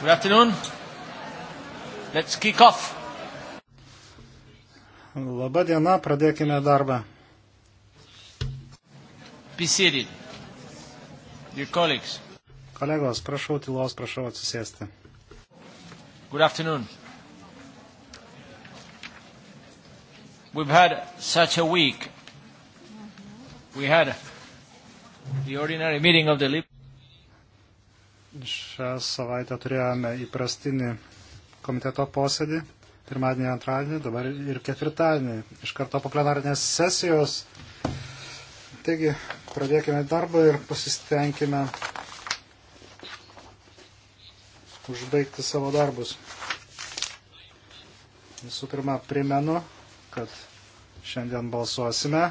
Good afternoon. Let's kick off. Labą dieną, pradėkime darbą. Be seated. Dear colleagues. Kolegos, prašau tylos, prašau atsisėsti. Good afternoon. We've had such a week. We had the ordinary meeting of the Lib Šią savaitę turėjome įprastinį komiteto posėdį, pirmadienį, antradienį, dabar ir ketvirtadienį, iš karto po plenarinės sesijos. Taigi, pradėkime darbą ir pasistengime užbaigti savo darbus. Visų pirma, primenu, kad šiandien balsuosime.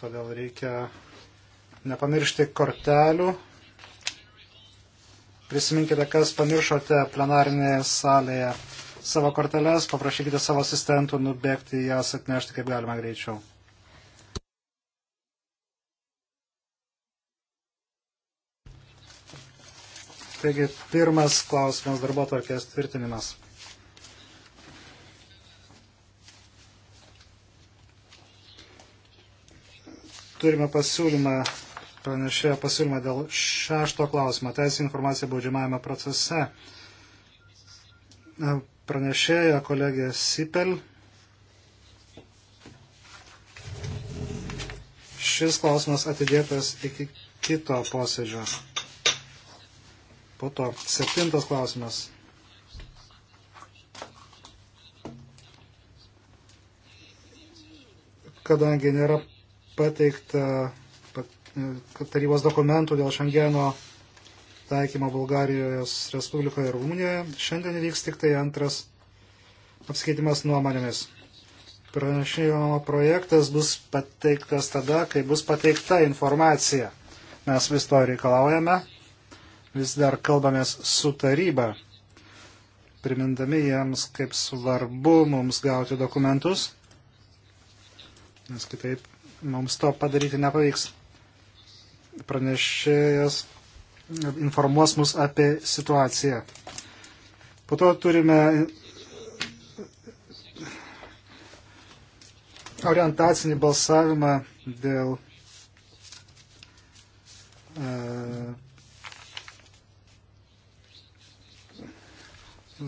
Todėl reikia nepamiršti kortelių. Prisiminkite, kas pamiršote plenarinėje salėje savo korteles, paprašykite savo asistentų nubėgti jas atnešti kaip galima greičiau. Taigi, pirmas klausimas darbo tvarkės tvirtinimas. Turime pasiūlymą pranešė pasiūlymą dėl šešto klausimo - teisė informacija baudžiamajame procese. Pranešėja kolegė Sipel. Šis klausimas atidėtas iki kito posėdžio. Po to septintas klausimas. Kadangi nėra pateikta tarybos dokumentų dėl Šengeno taikymo Bulgarijos Respublikoje ir Rumunijoje. Šiandien vyks tik tai antras apskaitimas nuomonėmis. Pranešimo projektas bus pateiktas tada, kai bus pateikta informacija. Mes vis to reikalaujame, vis dar kalbamės su taryba, primindami jiems, kaip svarbu mums gauti dokumentus, nes kitaip mums to padaryti nepavyks pranešėjas informuos mus apie situaciją. Po to turime orientacinį balsavimą dėl e,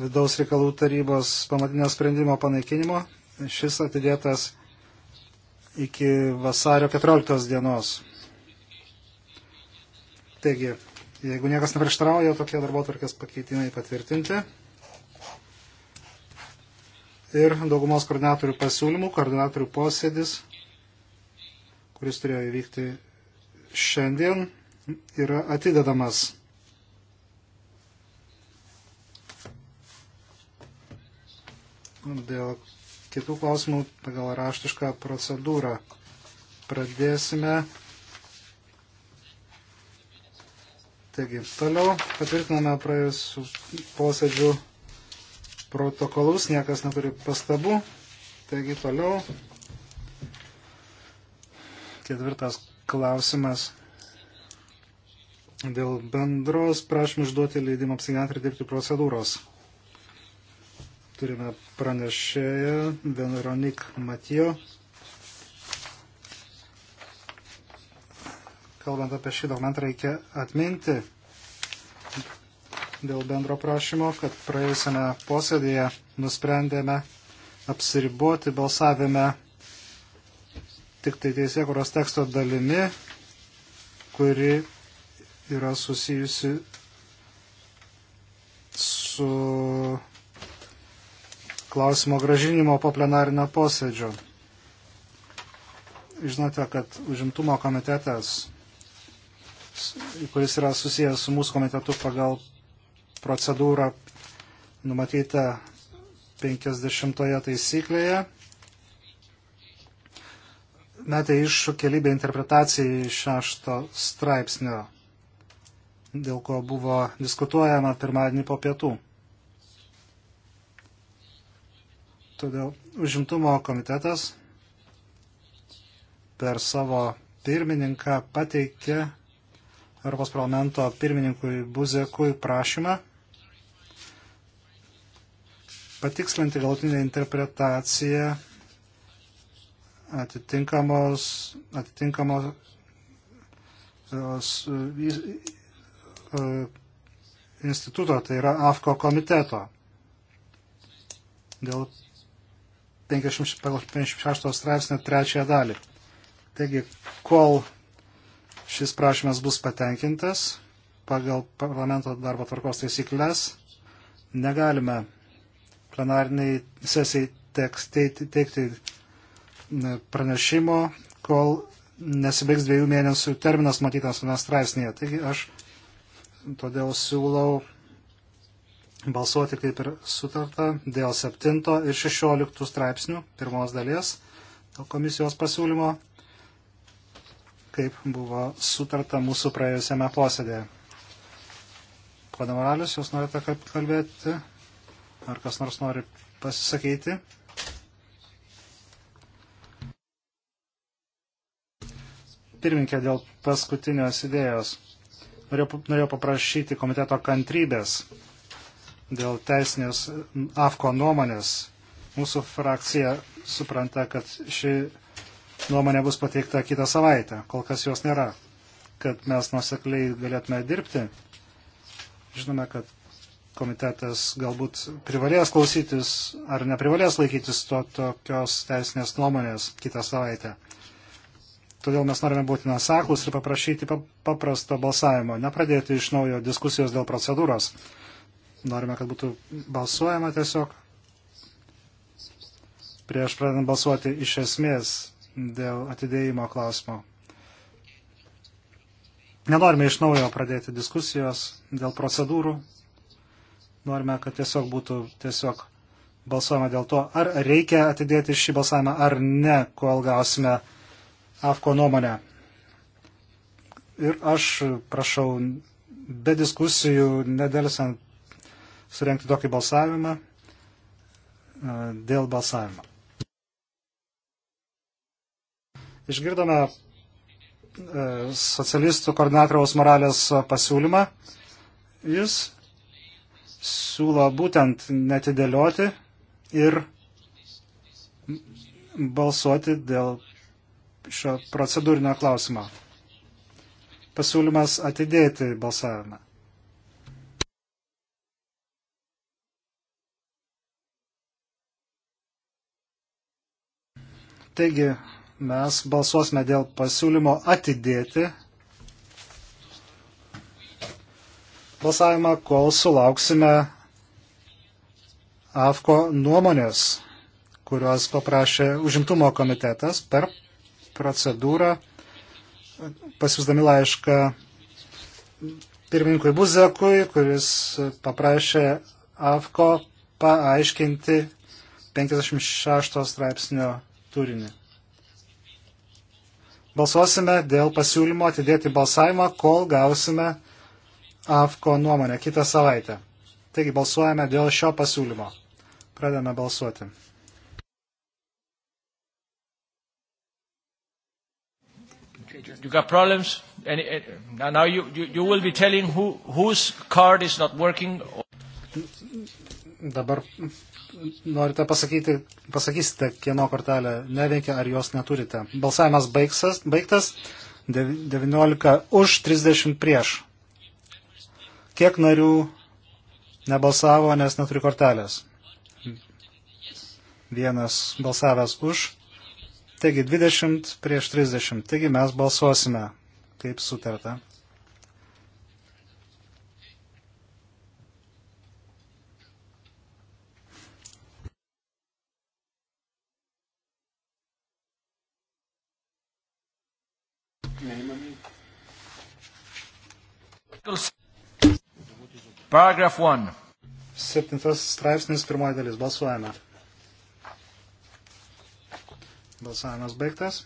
vidaus reikalų tarybos pamatinio sprendimo panaikinimo. Šis atidėtas iki vasario 14 dienos. Taigi, jeigu niekas neprieštarauja, tokie darbo tvarkės pakeitimai patvirtinti. Ir daugumos koordinatorių pasiūlymų, koordinatorių posėdis, kuris turėjo įvykti šiandien, yra atidedamas. Dėl kitų klausimų pagal raštišką procedūrą pradėsime Taigi, toliau patvirtiname praėjusių posėdžių protokolus, niekas neturi pastabų. Taigi, toliau ketvirtas klausimas dėl bendros prašymų išduoti leidimą apsigyventi ir dirbti procedūros. Turime pranešėją Veronik Matijo. kalbant apie šį dokumentą, reikia atminti dėl bendro prašymo, kad praėjusiame posėdėje nusprendėme apsiriboti balsavime tik tai teisėkuros teksto dalimi, kuri yra susijusi su klausimo gražinimo po plenarinio posėdžio. Žinote, kad užimtumo komitetas kuris yra susijęs su mūsų komitetu pagal procedūrą numatytą 50 taisyklėje. Metė iššūkį lybę interpretacijai šešto straipsnio, dėl ko buvo diskutuojama pirmadienį po pietų. Todėl užimtumo komitetas per savo pirmininką pateikė Europos parlamento pirmininkui Buzekui prašymą patikslinti galutinę interpretaciją atitinkamos, atitinkamos e, instituto, tai yra AFKO komiteto. Dėl 56 straipsnio trečiąją dalį. Taigi, kol Šis prašymas bus patenkintas pagal parlamento darbo tvarkos taisyklės. Negalime plenariniai sesijai teikti pranešimo, kol nesibaigs dviejų mėnesių terminas matytas mano straipsnėje. Taigi aš todėl siūlau balsuoti kaip ir sutarta dėl 7 ir 16 straipsnių pirmos dalies dėl komisijos pasiūlymo kaip buvo sutarta mūsų praėjusiame posėdėje. Pana Moralius, jūs norite kaip kalbėti? Ar kas nors nori pasisakyti? Pirminkė dėl paskutinios idėjos. Norėjau, norėjau paprašyti komiteto kantrybės dėl teisinės AFKO nuomonės. Mūsų frakcija supranta, kad ši nuomonė bus pateikta kitą savaitę, kol kas jos nėra. Kad mes nusekliai galėtume dirbti, žinome, kad komitetas galbūt privalės klausytis ar neprivalės laikytis to tokios teisinės nuomonės kitą savaitę. Todėl mes norime būti nuoseklus ir paprašyti paprasto balsavimo, nepradėti iš naujo diskusijos dėl procedūros. Norime, kad būtų balsuojama tiesiog prieš pradedant balsuoti iš esmės dėl atidėjimo klausimo. Nenorime iš naujo pradėti diskusijos dėl procedūrų. Norime, kad tiesiog būtų tiesiog balsuojama dėl to, ar reikia atidėti šį balsavimą ar ne, kol gausime AFKO nuomonę. Ir aš prašau be diskusijų, nedėlisant, surenkti tokį balsavimą e, dėl balsavimo. Išgirdome e, socialistų koordinatoriaus moralės pasiūlymą. Jis siūlo būtent netidėlioti ir balsuoti dėl šio procedūrinio klausimo. Pasiūlymas atidėti balsavimą. Taigi, mes balsuosime dėl pasiūlymo atidėti balsavimą, kol sulauksime AFKO nuomonės, kurios paprašė užimtumo komitetas per procedūrą, pasiūsdami laišką pirmininkui Buzekui, kuris paprašė AFKO paaiškinti 56 straipsnio turinį. Balsuosime dėl pasiūlymo atidėti balsavimą, kol gausime AFKO nuomonę kitą savaitę. Taigi balsuojame dėl šio pasiūlymo. Pradedame balsuoti. You got problems? Any, eh, now you, you, you will be telling who, whose card is not working dabar norite pasakyti, pasakysite, kieno kortelė neveikia ar jos neturite. Balsavimas baigsas, baigtas, 19 už 30 prieš. Kiek narių nebalsavo, nes neturi kortelės? Vienas balsavęs už. Taigi 20 prieš 30. Taigi mes balsuosime, kaip sutarta. Paragraf 1. Septintas straipsnis, pirmoji dalis. Balsuojame. Balsavimas baigtas.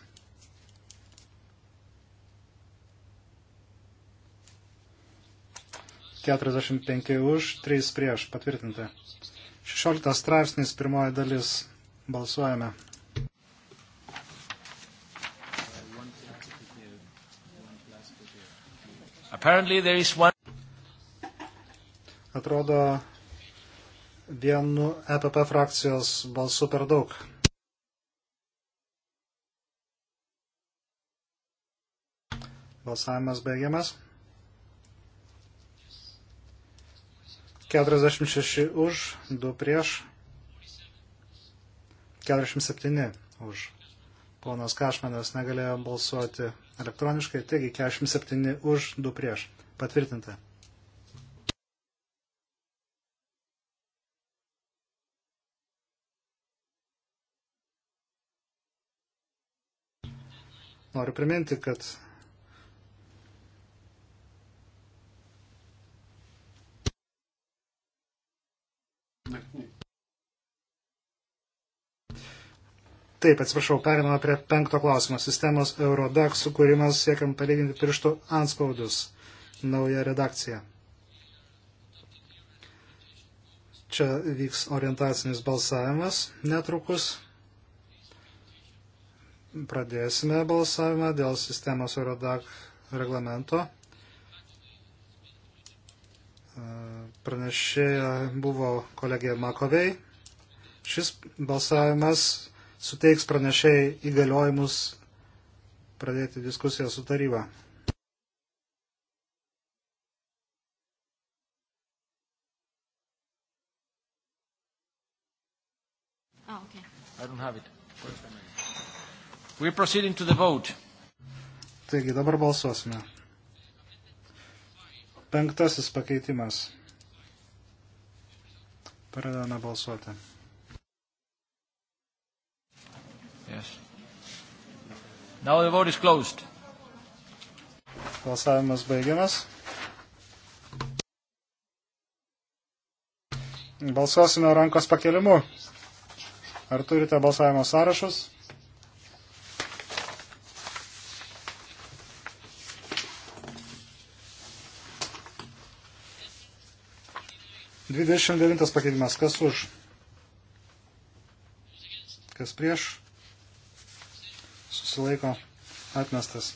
Keturiasdešimt penki už, trys prieš. Patvirtinta. Šešioliktas straipsnis, pirmoji dalis. Balsuojame. Atrodo, vienu EPP frakcijos balsu per daug. Balsavimas baigiamas. 46 už, 2 prieš, 47 už. Ponas Kašmanas negalėjo balsuoti elektroniškai, taigi 47 už, 2 prieš. Patvirtinta. Noriu priminti, kad taip, atsiprašau, perinama prie penkto klausimo. Sistemos Eurodax sukūrimas siekiant palyginti pirštų anspaudus. Nauja redakcija. Čia vyks orientacinis balsavimas netrukus. Pradėsime balsavimą dėl sistemos Eurodax reglamento. Pranešėja buvo kolegija Makovei. Šis balsavimas suteiks pranešėjai įgaliojimus pradėti diskusiją su taryba. Oh, okay. I don't have it. We're proceeding to the vote. Taigi, dabar balsuosime. Penktasis pakeitimas. Pradedame balsuoti. Yes. Now the vote is closed. Balsavimas baigiamas. Balsuosime rankos pakelimu. Ar turite balsavimo sąrašus? Dvidešimt devintas pakeitimas. Kas už? Kas prieš? susilaiko atmestas.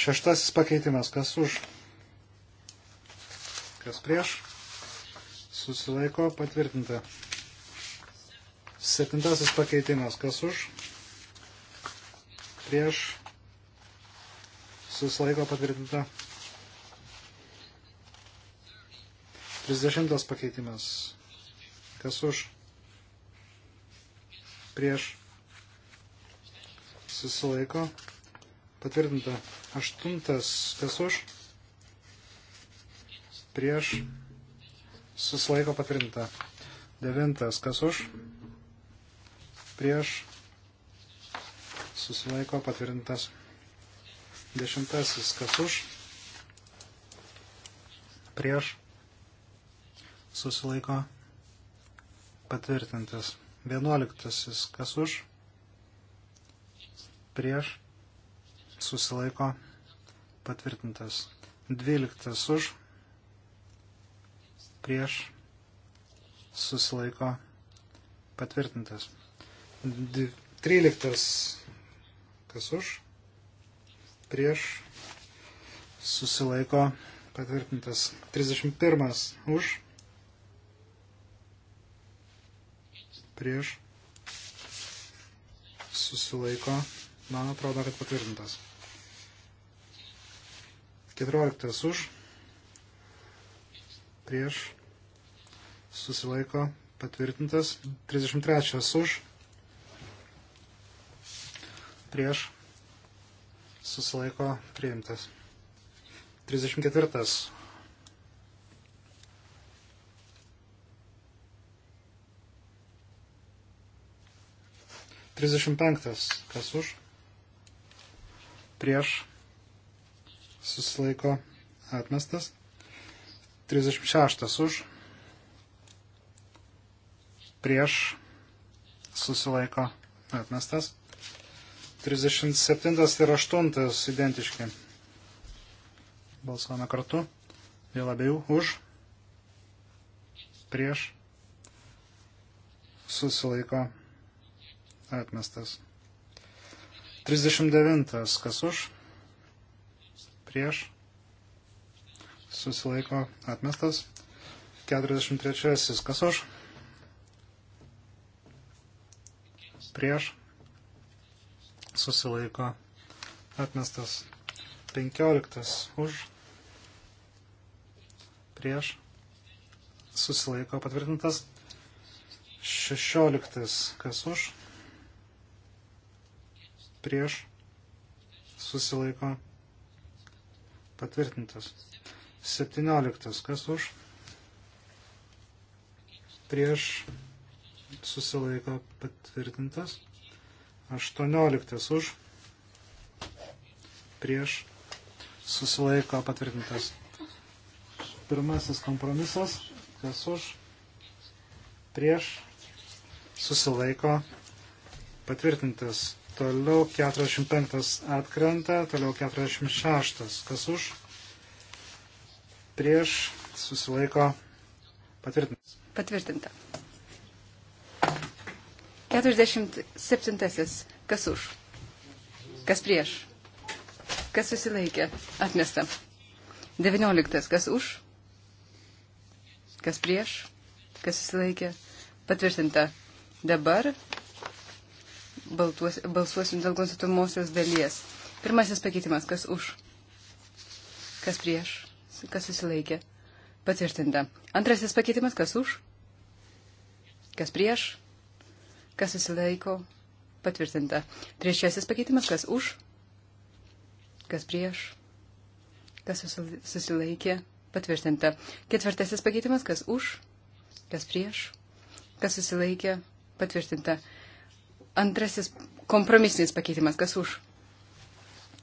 Šeštasis pakeitimas, kas už, kas prieš, susilaiko patvirtinta. Septintasis pakeitimas, kas už, prieš, susilaiko patvirtinta. Trisdešimtas pakeitimas, kas už, prieš, susilaiko, patvirtinta. Aštuntas, kas už, prieš, susilaiko, patvirtinta. Devintas, kas už, prieš, susilaiko, patvirtintas. Dešimtasis, kas už, prieš, susilaiko, patvirtintas. Vienuoliktasis, kas už, prieš, susilaiko, patvirtintas. 12 už, prieš, susilaiko, patvirtintas. 13 kas už, prieš, susilaiko, patvirtintas. 31 už, prieš, susilaiko, patvirtintas Man atrodo, kad patvirtintas. 14 už, prieš, susilaiko, patvirtintas. 33 už, prieš, susilaiko, priimtas. 34 35. Kas už? prieš susilaiko atmestas. 36 už prieš susilaiko atmestas. 37 ir 8 identiški. Balsuojame kartu. Dėl abiejų už. Prieš. Susilaiko atmestas. 39. Kas už? Prieš. Susilaiko atmestas. 43. Kas už? Prieš. Susilaiko atmestas. 15. Už. Prieš. Susilaiko patvirtintas. 16. Kas už? prieš susilaiko patvirtintas. 17. Kas už? Prieš susilaiko patvirtintas. 18. Už? Prieš susilaiko patvirtintas. Pirmasis kompromisas. Kas už? Prieš susilaiko patvirtintas. Toliau 45 atkrenta, toliau 46. Kas už? Prieš susilaiko patvirtintas. Patvirtinta. 47. Kas už? Kas prieš? Kas susilaikė? Atmesta. 19. Kas už? Kas prieš? Kas susilaikė? Patvirtinta. Dabar baltuos, balsuosim dėl konstitucijos dalies. Pirmasis pakeitimas, kas už, kas prieš, kas susilaikė. Patvirtinta. Antrasis pakeitimas, kas už, kas prieš, kas susilaiko. Patvirtinta. Trečiasis pakeitimas, kas už, kas prieš, kas susilaikė. Patvirtinta. Ketvirtasis pakeitimas, kas už, kas prieš, kas susilaikė. Patvirtinta. Antrasis kompromisinis pakeitimas. Kas už?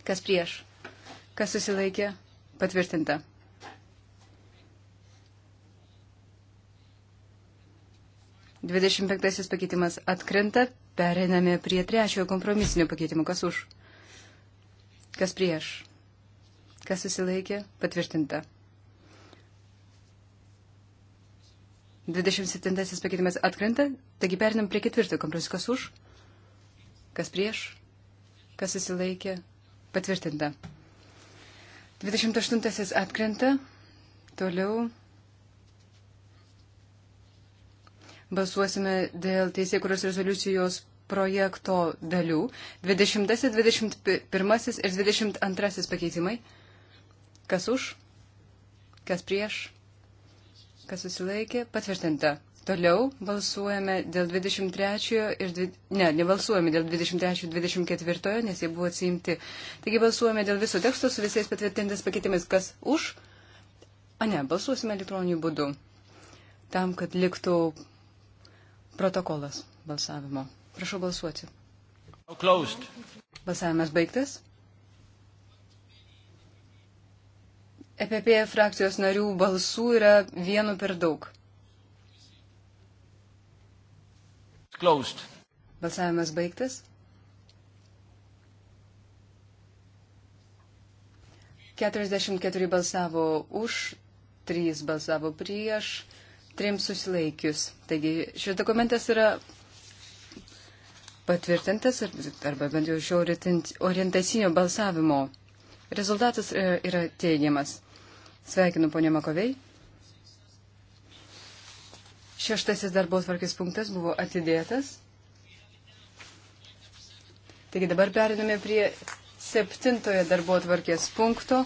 Kas prieš? Kas susilaikė? Patvirtinta. Dvidešimt penktasis pakeitimas atkrenta. Periname prie trečiojo kompromisinio pakeitimo. Kas už? Kas prieš? Kas susilaikė? Patvirtinta. 27 pakeitimas atkrenta, taigi perinam prie ketvirtojo kompromiso. Kas už? Kas prieš? Kas susilaikė? Patvirtinta. 28 atkrenta. Toliau. Balsuosime dėl teisėkuros rezoliucijos projekto dalių. 20, 21 ir 22 pakeitimai. Kas už? Kas prieš? Kas susilaikė? Patvirtinta. Toliau balsuojame dėl 23 ir... Dvi... Ne, nebalsuojame dėl 23 ir 24, nes jie buvo atsiimti. Taigi balsuojame dėl viso teksto su visais patvirtintais pakeitimais. Kas už? A ne, balsuosime elektroniniu būdu. Tam, kad liktų protokolas balsavimo. Prašau balsuoti. Closed. Balsavimas baigtas. EPP frakcijos narių balsų yra vienu per daug. Closed. Balsavimas baigtas. 44 balsavo už, 3 balsavo prieš, 3 susilaikius. Taigi šis dokumentas yra patvirtintas arba bent jau šio orientacinio balsavimo. Rezultatas e, yra teigiamas. Sveikinu ponė Makovei. Šeštasis darbos varkės punktas buvo atidėtas. Taigi dabar periname prie septintojo darbo tvarkės punkto.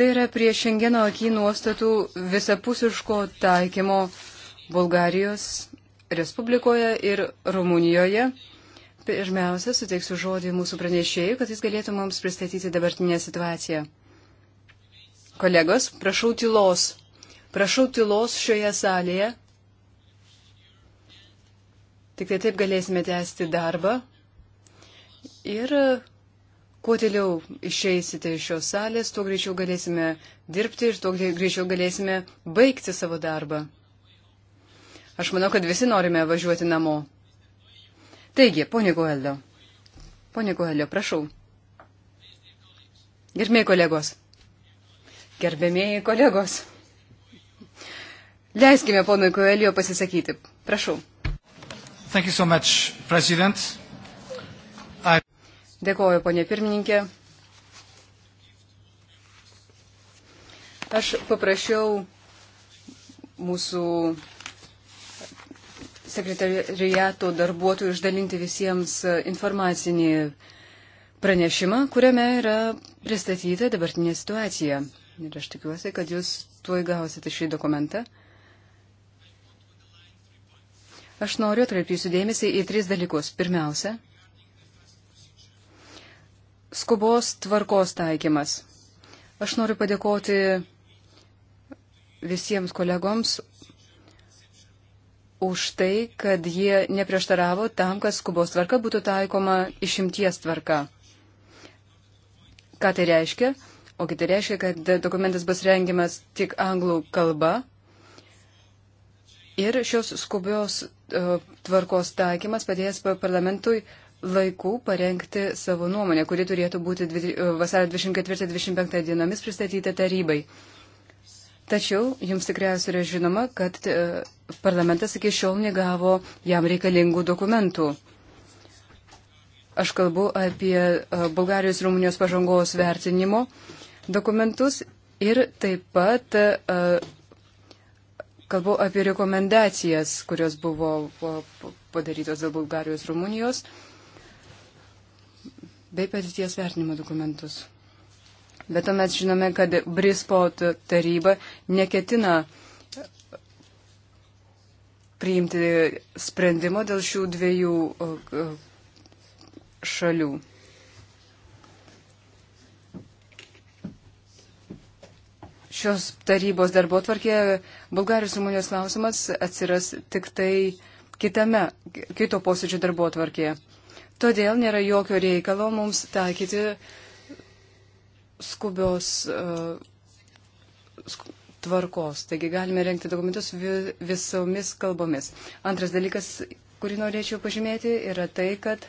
Tai yra prie Šengeno akį nuostatų visapusiško taikymo Bulgarijos Respublikoje ir Rumunijoje. Pirmiausia, suteiksiu žodį mūsų pranešėjui, kad jis galėtų mums pristatyti dabartinę situaciją. Kolegos, prašau tylos. Prašau tylos šioje salėje. Tik tai taip galėsime tęsti darbą. Ir e, kuo toliau išeisite iš šios salės, tuo greičiau galėsime dirbti ir tuo greičiau galėsime baigti savo darbą. Aš manau, kad visi norime važiuoti namo. Taigi, ponė Koelio. Ponė Koelio, prašau. Gerbėjai kolegos. Gerbėmėjai kolegos. Leiskime ponui Koelio pasisakyti. Prašau. Thank you so much, President. I... Dėkoju, ponė pirmininkė. Aš paprašiau mūsų sekretariato darbuotojų išdalinti visiems informacinį pranešimą, kuriame yra pristatyta dabartinė situacija. Ir aš tikiuosi, kad jūs tuoj gausite šį dokumentą. Aš noriu atkreipti jūsų dėmesį į tris dalykus. Pirmiausia, skubos tvarkos taikymas. Aš noriu padėkoti visiems kolegoms už tai, kad jie neprieštaravo tam, kad skubos tvarka būtų taikoma išimties tvarka. Ką tai reiškia? Ogi tai reiškia, kad dokumentas bus rengiamas tik anglų kalba ir šios skubios E, tvarkos taikymas padės parlamentui laiku parengti savo nuomonę, kuri turėtų būti e, vasario 24-25 dienomis pristatyta tarybai. Tačiau jums tikriausiai yra žinoma, kad e, parlamentas iki šiol negavo jam reikalingų dokumentų. Aš kalbu apie Bulgarijos Rumunijos pažangos vertinimo dokumentus ir taip pat Kalbu apie rekomendacijas, kurios buvo padarytos dėl Bulgarijos, Rumunijos bei patirties vertinimo dokumentus. Bet to mes žinome, kad Brispot taryba neketina priimti sprendimo dėl šių dviejų šalių. šios tarybos darbo tvarkė Bulgarijos Rumunijos klausimas atsiras tik tai kitame, kito posėdžio darbo tvarkėje. Todėl nėra jokio reikalo mums taikyti skubios uh, sku, tvarkos. Taigi galime renkti dokumentus vi, visomis kalbomis. Antras dalykas, kurį norėčiau pažymėti, yra tai, kad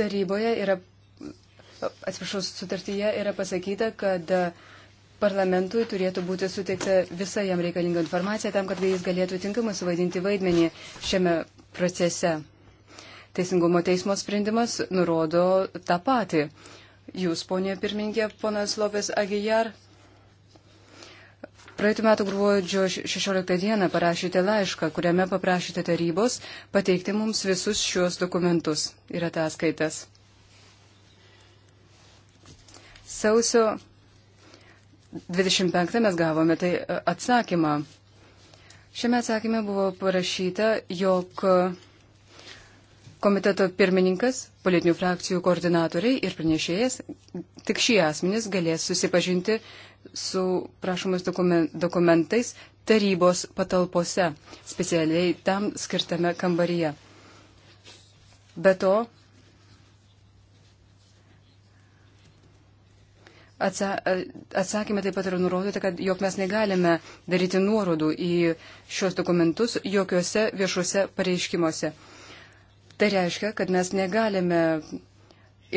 taryboje yra atsiprašau, sutartyje yra pasakyta, kad e, parlamentui turėtų būti suteikta visa jam reikalinga informacija tam, kad jis galėtų tinkamai suvaidinti vaidmenį šiame procese. Teisingumo teismo sprendimas nurodo tą patį. Jūs, ponė pirmininkė, ponas Lopes Agijar, praeitų metų gruodžio 16 dieną parašėte laišką, kuriame paprašėte tarybos pateikti mums visus šiuos dokumentus ir ataskaitas. Sausio 25 mes gavome tai e, atsakymą. Šiame atsakyme buvo parašyta, jog komiteto pirmininkas, politinių frakcijų koordinatoriai ir pranešėjas, tik šie asmenys galės susipažinti su prašomais dokumentais tarybos patalpose, specialiai tam skirtame kambaryje. Be to, Atsakymė taip pat yra nurodyta, kad jog mes negalime daryti nuorodų į šios dokumentus jokiuose viešuose pareiškimuose. Tai reiškia, kad mes negalime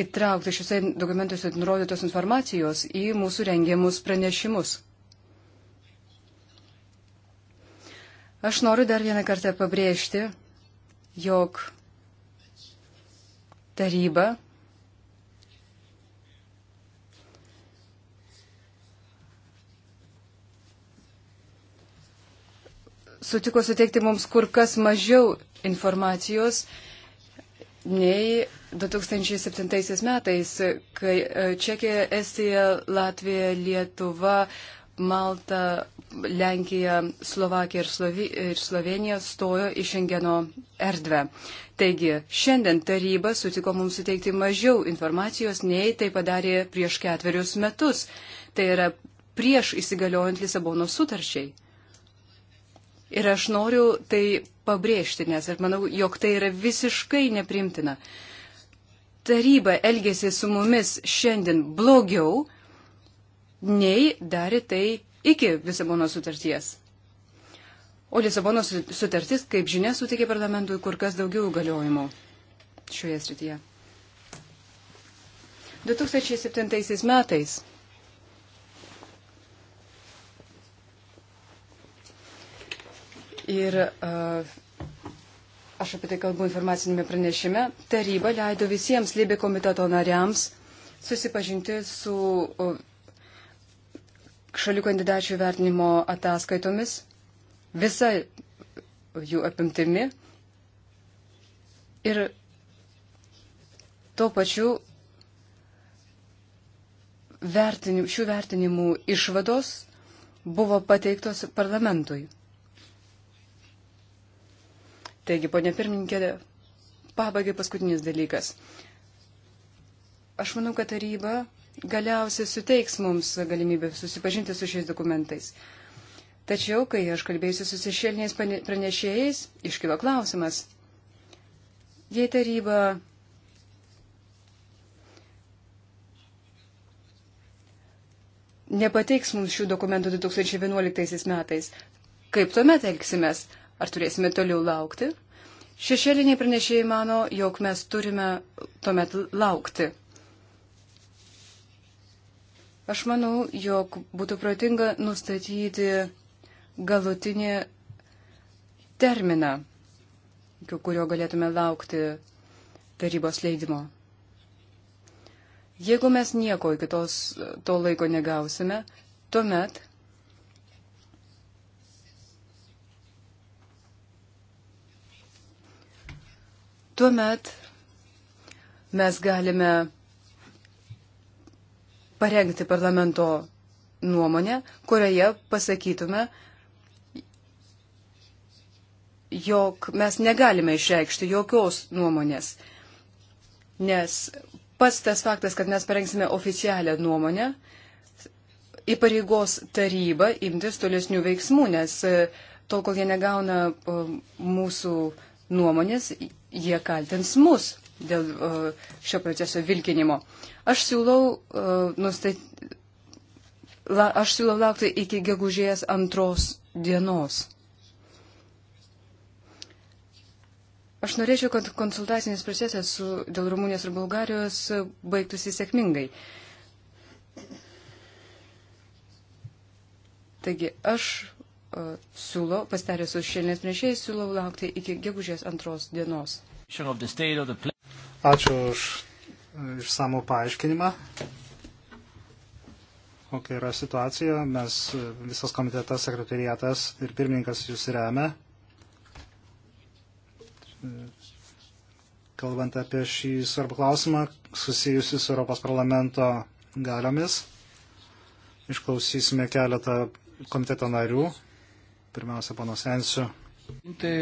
įtraukti šiuose dokumentuose nurodytos informacijos į mūsų rengiamus pranešimus. Aš noriu dar vieną kartą pabrėžti, jog taryba sutiko suteikti mums kur kas mažiau informacijos nei 2007 metais, kai e, Čekija, Estija, Latvija, Lietuva, Malta, Lenkija, Slovakija ir, Slovi, ir Slovenija stojo į Šengeno erdvę. Taigi, šiandien taryba sutiko mums suteikti mažiau informacijos, nei tai padarė prieš ketverius metus. Tai yra prieš įsigaliojant Lisabono sutarčiai. Ir aš noriu tai pabrėžti, nes aš manau, jog tai yra visiškai neprimtina. Taryba elgėsi su mumis šiandien blogiau, nei darė tai iki Lisabono sutarties. O Lisabono sutartis, kaip žinia, suteikė parlamentui kur kas daugiau galiojimų šioje srityje. 2007 metais Ir aš apie tai kalbu informacinėme pranešime. Taryba leido visiems Libė komiteto nariams susipažinti su šalių kandidačių vertinimo ataskaitomis, visa jų apimtimi ir tuo pačiu vertinim, šių vertinimų išvados buvo pateiktos parlamentui. Taigi, ponė pirmininkė, pabaigai paskutinis dalykas. Aš manau, kad taryba galiausiai suteiks mums galimybę susipažinti su šiais dokumentais. Tačiau, kai aš kalbėjusiu su šešėliniais pranešėjais, iškilo klausimas. Jei taryba nepateiks mums šių dokumentų 2011 metais, kaip tuomet elgsimės? Ar turėsime toliau laukti? Šešėliniai pranešėjai mano, jog mes turime tuomet laukti. Aš manau, jog būtų protinga nustatyti galutinį terminą, kurio galėtume laukti tarybos leidimo. Jeigu mes nieko iki tos, to laiko negausime, tuomet tuomet mes galime parengti parlamento nuomonę, kurioje pasakytume, jog mes negalime išreikšti jokios nuomonės. Nes pats tas faktas, kad mes parengsime oficialią nuomonę, įpareigos tarybą imtis tolesnių veiksmų, nes tol, kol jie negauna um, mūsų nuomonės, jie kaltins mus dėl šio proceso vilkinimo. Aš siūlau, nustat... La, aš siūlau laukti iki gegužės antros dienos. Aš norėčiau, kad konsultacinis procesas su, dėl Rumunijos ir Bulgarijos baigtųsi sėkmingai. Taigi aš E, siūlau, pastarė su šiandien priešėjais, siūlau laukti iki gegužės antros dienos. Ačiū už e, išsamų paaiškinimą. Kokia yra situacija? Mes e, visas komitetas, sekretariatas ir pirmininkas jūs remia. Kalbant apie šį svarbų klausimą, susijusi su Europos parlamento galiomis, išklausysime keletą komiteto narių Pirmiausia, pono Sensiu.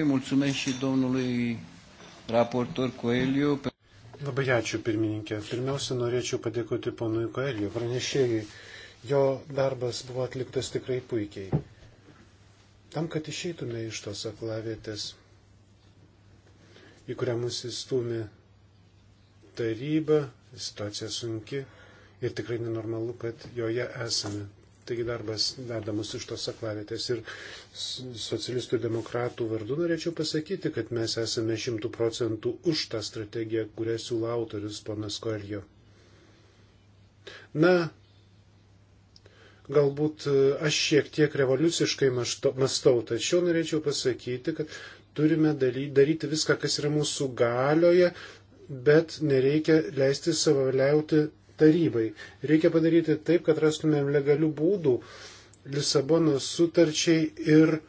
Mulțumesc și domnului raportor Coeliu. Labai ačiū, pirmininkė. Pirmiausia, norėčiau padėkoti ponui Koeliu, pranešėjui. Jo darbas buvo atliktas tikrai puikiai. Tam, kad išeitume iš tos aklavietės, į kurią mus įstūmė taryba, situacija sunki ir tikrai nenormalu, kad joje esame. Taigi darbas vedamas iš tos aklavietės. Ir socialistų ir demokratų vardu norėčiau pasakyti, kad mes esame šimtų procentų už tą strategiją, kurią siūlo autorius ponas Koelio. Na, galbūt e, aš šiek tiek revoliuciškai mastau, tačiau norėčiau pasakyti, kad turime daryti viską, kas yra mūsų galioje, bet nereikia leisti savaliauti tarybai. Reikia padaryti taip, kad rastumėm legalių būdų Lisabonos sutarčiai ir e,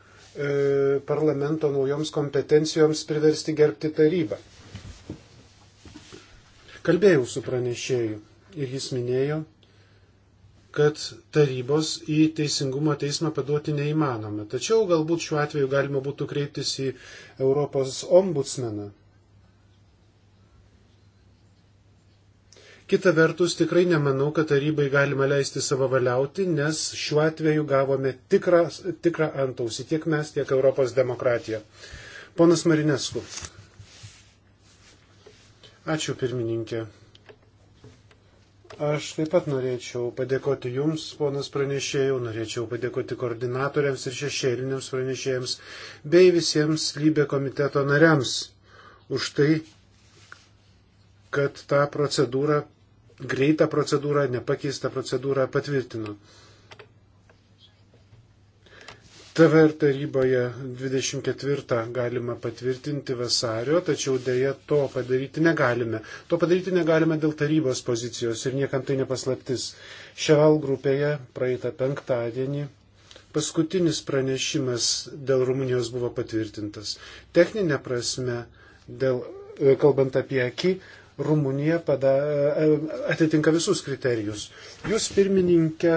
parlamento naujoms kompetencijoms priversti gerbti tarybą. Kalbėjau su pranešėju ir jis minėjo, kad tarybos į teisingumo teismą paduoti neįmanoma. Tačiau galbūt šiuo atveju galima būtų kreiptis į Europos ombudsmeną, Kita vertus, tikrai nemanau, kad tarybai galima leisti savavaliauti, nes šiuo atveju gavome tikrą, tikrą antausį tiek mes, tiek Europos demokratija. Ponas Marinesku. Ačiū pirmininkė. Aš taip pat norėčiau padėkoti Jums, ponas pranešėjau, norėčiau padėkoti koordinatoriams ir šešėliniams pranešėjams bei visiems lybė komiteto nariams už tai, kad tą procedūrą greitą procedūrą, nepakeistą procedūrą patvirtino. TVR taryboje 24 galima patvirtinti vasario, tačiau dėja to padaryti negalime. To padaryti negalime dėl tarybos pozicijos ir niekam tai nepaslaptis. Ševal grupėje praeitą penktadienį paskutinis pranešimas dėl Rumunijos buvo patvirtintas. Techninė prasme, dėl, kalbant apie akį, Rumunija pada, e, atitinka visus kriterijus. Jūs pirmininkė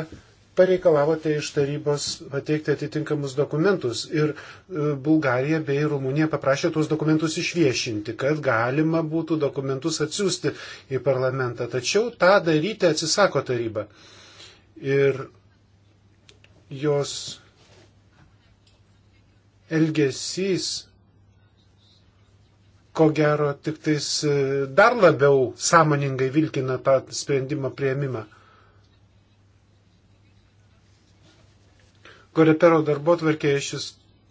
pareikalavote iš tarybos pateikti atitinkamus dokumentus ir e, Bulgarija bei Rumunija paprašė tuos dokumentus išviešinti, kad galima būtų dokumentus atsiųsti į parlamentą. Tačiau tą daryti atsisako taryba. Ir jos elgesys ko gero tik tais e, dar labiau sąmoningai vilkina tą sprendimo prieimimą. Korepero darbo tvarkėje šis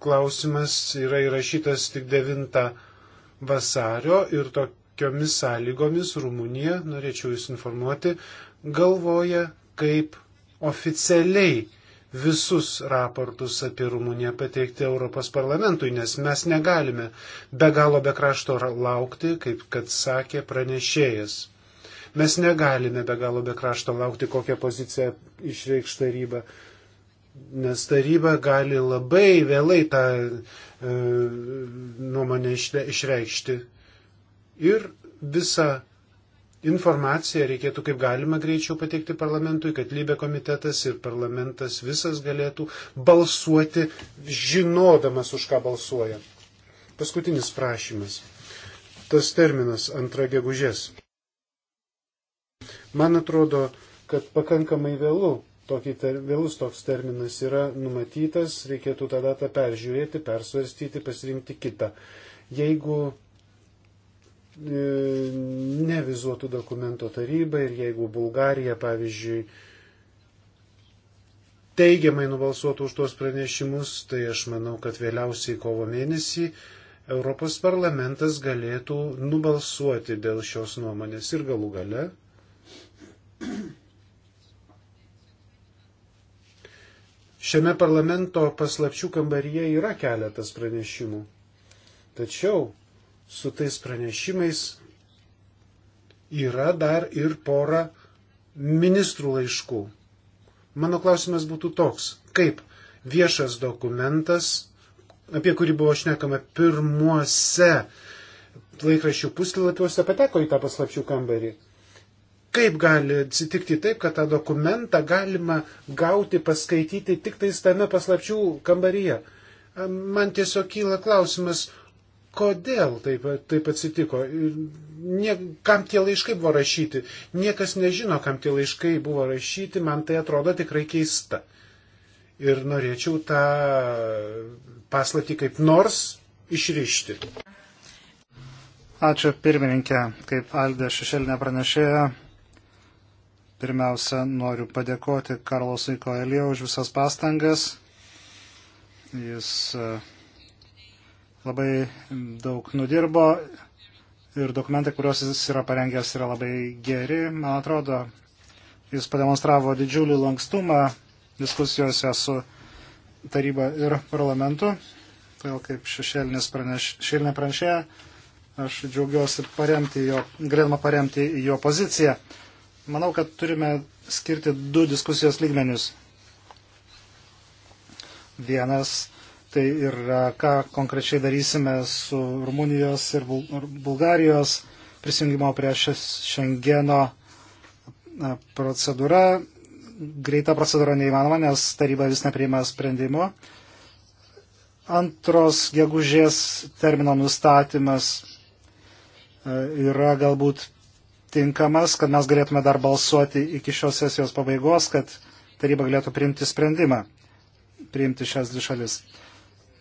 klausimas yra įrašytas tik 9 vasario ir tokiomis sąlygomis Rumunija, norėčiau Jūs informuoti, galvoja, kaip oficialiai visus raportus apie Rumuniją pateikti Europos parlamentui, nes mes negalime be galo be krašto laukti, kaip kad sakė pranešėjas. Mes negalime be galo be krašto laukti, kokią poziciją išreikš taryba, nes taryba gali labai vėlai tą e, nuomonę išreikšti. Ir visą Informaciją reikėtų kaip galima greičiau pateikti parlamentui, kad lybė komitetas ir parlamentas visas galėtų balsuoti, žinodamas už ką balsuoja. Paskutinis prašymas. Tas terminas antra gegužės. Man atrodo, kad pakankamai vėlų, ter, vėlus toks terminas yra numatytas, reikėtų tą datą peržiūrėti, persvarstyti, pasirinkti kitą. Jeigu E, nevizuotų dokumento taryba ir jeigu Bulgarija, pavyzdžiui, teigiamai nubalsuotų už tuos pranešimus, tai aš manau, kad vėliausiai kovo mėnesį Europos parlamentas galėtų nubalsuoti dėl šios nuomonės ir galų gale. Šiame parlamento paslapčių kambaryje yra keletas pranešimų. Tačiau su tais pranešimais yra dar ir pora ministrų laiškų. Mano klausimas būtų toks, kaip viešas dokumentas, apie kurį buvo šnekama pirmuose laikraščių puslapiuose, pateko į tą paslapčių kambarį. Kaip gali atsitikti taip, kad tą dokumentą galima gauti, paskaityti tik tais tame paslapčių kambaryje? Man tiesiog kyla klausimas, kodėl taip, taip atsitiko, nie, kam tie laiškai buvo rašyti. Niekas nežino, kam tie laiškai buvo rašyti, man tai atrodo tikrai keista. Ir norėčiau tą paslapti kaip nors išrišti. Ačiū pirmininkė, kaip Aldė Šešelinė pranešėjo. Pirmiausia, noriu padėkoti Karlosui Koelijo už visas pastangas. Jis uh, labai daug nudirbo ir dokumentai, kuriuos jis yra parengęs, yra labai geri. Man atrodo, jis pademonstravo didžiulį lankstumą diskusijose su taryba ir parlamentu. Todėl kaip šešėlinė praneš, pranešė, aš džiaugiuosi paremti jo, galėdama paremti jo poziciją. Manau, kad turime skirti du diskusijos lygmenius. Vienas tai yra, ką konkrečiai darysime su Rumunijos ir Bulgarijos prisijungimo prie Šengeno e, procedūra. Greita procedūra neįmanoma, nes taryba vis nepriima sprendimo. Antros gegužės termino nustatymas e, yra galbūt tinkamas, kad mes galėtume dar balsuoti iki šios sesijos pabaigos, kad taryba galėtų priimti sprendimą, priimti šias dvi šalis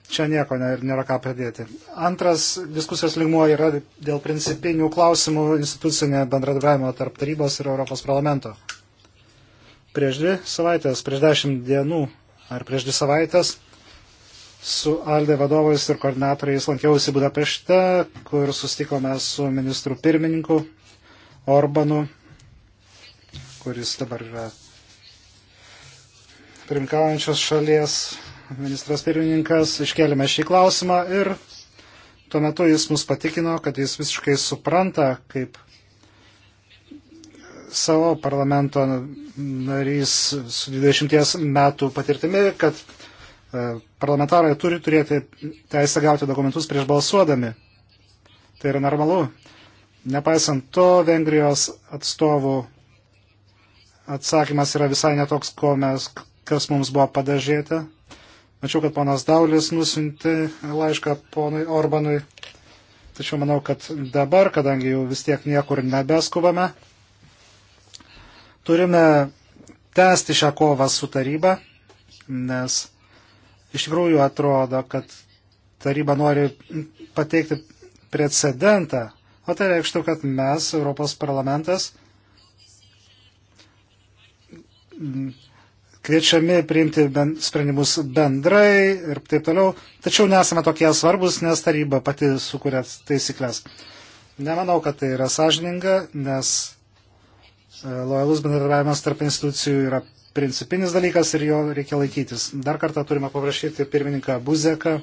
čia nieko nėra ką pradėti. Antras diskusijos lygmuo yra dėl principinių klausimų institucinė bendradarbiavimo tarp tarybos ir Europos parlamento. Prieš dvi savaitės, prieš dešimt dienų ar prieš dvi savaitės su Alde vadovais ir koordinatoriais lankiausi Budapešte, kur sustikome su ministru pirmininku Orbanu, kuris dabar yra pirmkaujančios šalies ministras pirmininkas, iškelime šį klausimą ir tuo metu jis mus patikino, kad jis visiškai supranta, kaip savo parlamento narys su 20 metų patirtimi, kad e, parlamentarai turi turėti teisę gauti dokumentus prieš balsuodami. Tai yra normalu. Nepaisant to, Vengrijos atstovų atsakymas yra visai netoks, mes, kas mums buvo padažėta. Mačiau, kad ponas Daulis nusintė laišką ponui Orbanui, tačiau manau, kad dabar, kadangi jau vis tiek niekur nebeskubame, turime tęsti šią kovą su taryba, nes iš tikrųjų atrodo, kad taryba nori pateikti precedentą, o tai reikštų, kad mes, Europos parlamentas, kviečiami priimti ben, sprendimus bendrai ir taip toliau, tačiau nesame tokie svarbus, nes taryba pati sukuria taisyklės. Nemanau, kad tai yra sąžininga, nes e, lojalus bendradarbiavimas tarp institucijų yra principinis dalykas ir jo reikia laikytis. Dar kartą turime paprašyti pirmininką Buzeką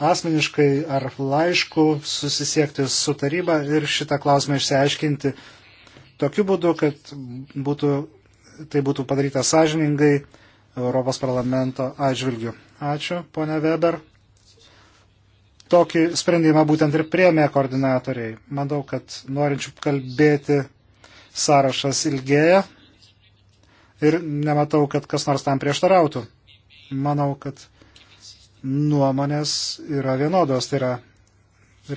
asmeniškai ar laišku susisiekti su taryba ir šitą klausimą išsiaiškinti tokiu būdu, kad būtų tai būtų padaryta sąžiningai Europos parlamento atžvilgių. Ačiū, ponia Weber. Tokį sprendimą būtent ir priemė koordinatoriai. Manau, kad norinčių kalbėti sąrašas ilgėja ir nematau, kad kas nors tam prieštarautų. Manau, kad nuomonės yra vienodos, tai yra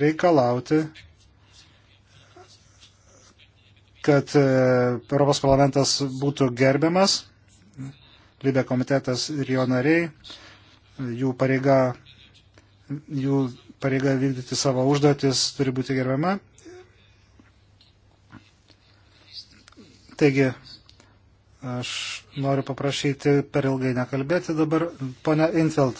reikalauti kad e, Europos parlamentas būtų gerbiamas, Libė komitetas ir jo nariai, jų pareiga, jų pareiga vykdyti savo užduotis turi būti gerbiama. Taigi, aš noriu paprašyti per ilgai nekalbėti dabar. Pone Infeld,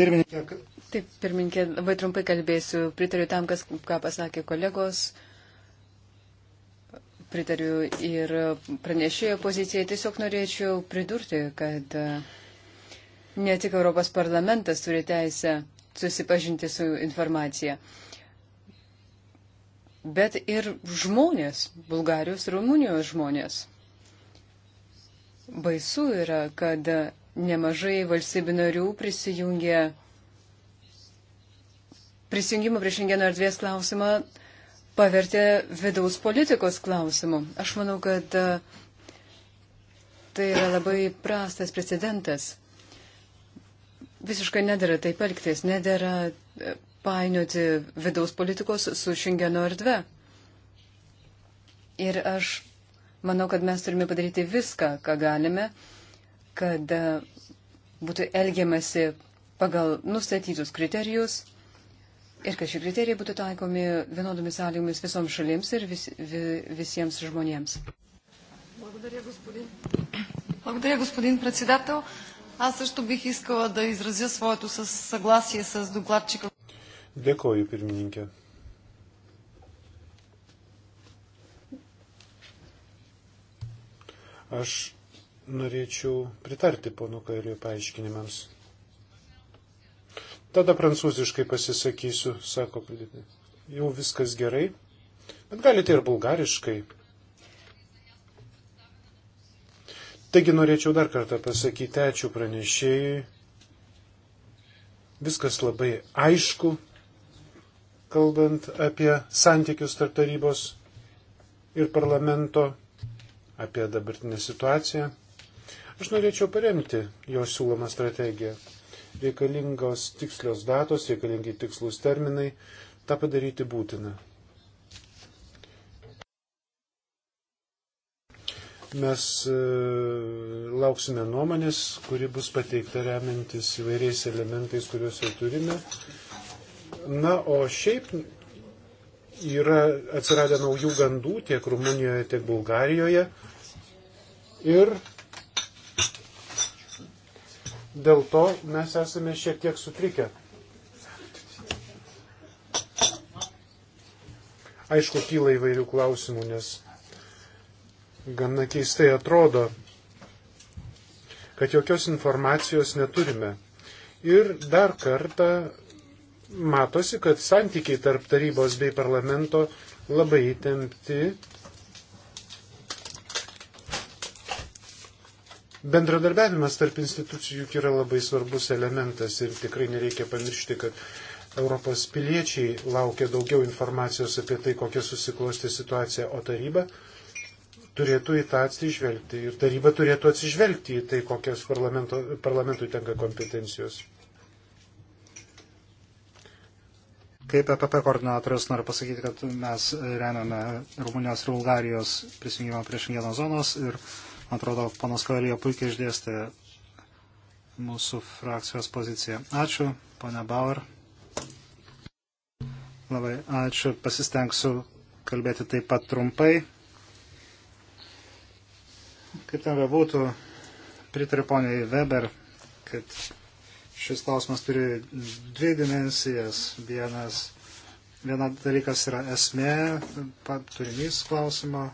pirmininkė. Taip, pirmininkė, labai trumpai kalbėsiu. Pritariu tam, kas, ką pasakė kolegos. Uh, pritariu ir pranešėjo pozicijai. Tiesiog norėčiau pridurti, kad e, ne tik Europos parlamentas turi teisę susipažinti su informacija, bet ir žmonės, Bulgarijos ir Rumunijos žmonės. Baisu yra, kad nemažai valstybių narių prisijungė prisijungimo prie šiandieno erdvės klausimą pavertė vidaus politikos klausimu. Aš manau, kad e, tai yra labai prastas precedentas. Visiškai nedėra taip elgtis, nedėra e, painioti vidaus politikos su Šengeno erdve. Ir aš manau, kad mes turime padaryti viską, ką galime, kad e, būtų elgiamasi pagal nustatytus kriterijus Ir kad šie kriterijai būtų taikomi vienodomis sąlygomis visoms šalims ir vis, vi, visiems žmonėms. Благодаря, господин. Благодаря, господин председател. Аз също бих искала да изразя своето съгласие с докладчика. Dėkoju, pirmininkė. Aš norėčiau pritarti pono Kairio paaiškinimams. Tada prancūziškai pasisakysiu, sako kalbėtinė. Jau viskas gerai, bet galite ir bulgariškai. Taigi norėčiau dar kartą pasakyti ačiū pranešėjui. Viskas labai aišku, kalbant apie santykius tarp tarybos ir parlamento, apie dabartinę situaciją. Aš norėčiau paremti jo siūlomą strategiją reikalingos tikslios datos, reikalingi tikslus terminai, tą padaryti būtina. Mes e, lauksime nuomonės, kuri bus pateikta remiantis įvairiais elementais, kuriuos jau turime. Na, o šiaip yra atsiradę naujų gandų tiek Rumunijoje, tiek Bulgarijoje. Ir Dėl to mes esame šiek tiek sutrikę. Aišku, kyla įvairių klausimų, nes gana keistai atrodo, kad jokios informacijos neturime. Ir dar kartą matosi, kad santykiai tarp tarybos bei parlamento labai įtempti Bendradarbiavimas tarp institucijų juk yra labai svarbus elementas ir tikrai nereikia pamiršti, kad Europos piliečiai laukia daugiau informacijos apie tai, kokia susiklosti situacija, o taryba turėtų į tą atsižvelgti. Ir taryba turėtų atsižvelgti į tai, kokios parlamentui tenka kompetencijos. Kaip EPP koordinatorius noriu pasakyti, kad mes remiame Rumunijos ir Bulgarijos prisijungimą prie Šengeno zonos ir Man atrodo, panas Koelija puikiai išdėstė mūsų frakcijos poziciją. Ačiū, ponia Bauer. Labai ačiū. Pasistengsiu kalbėti taip pat trumpai. Kaip ten bebūtų, pritariu poniai Weber, kad šis klausimas turi dvi dimensijas. Vienas, viena dalykas yra esmė, turinys klausimo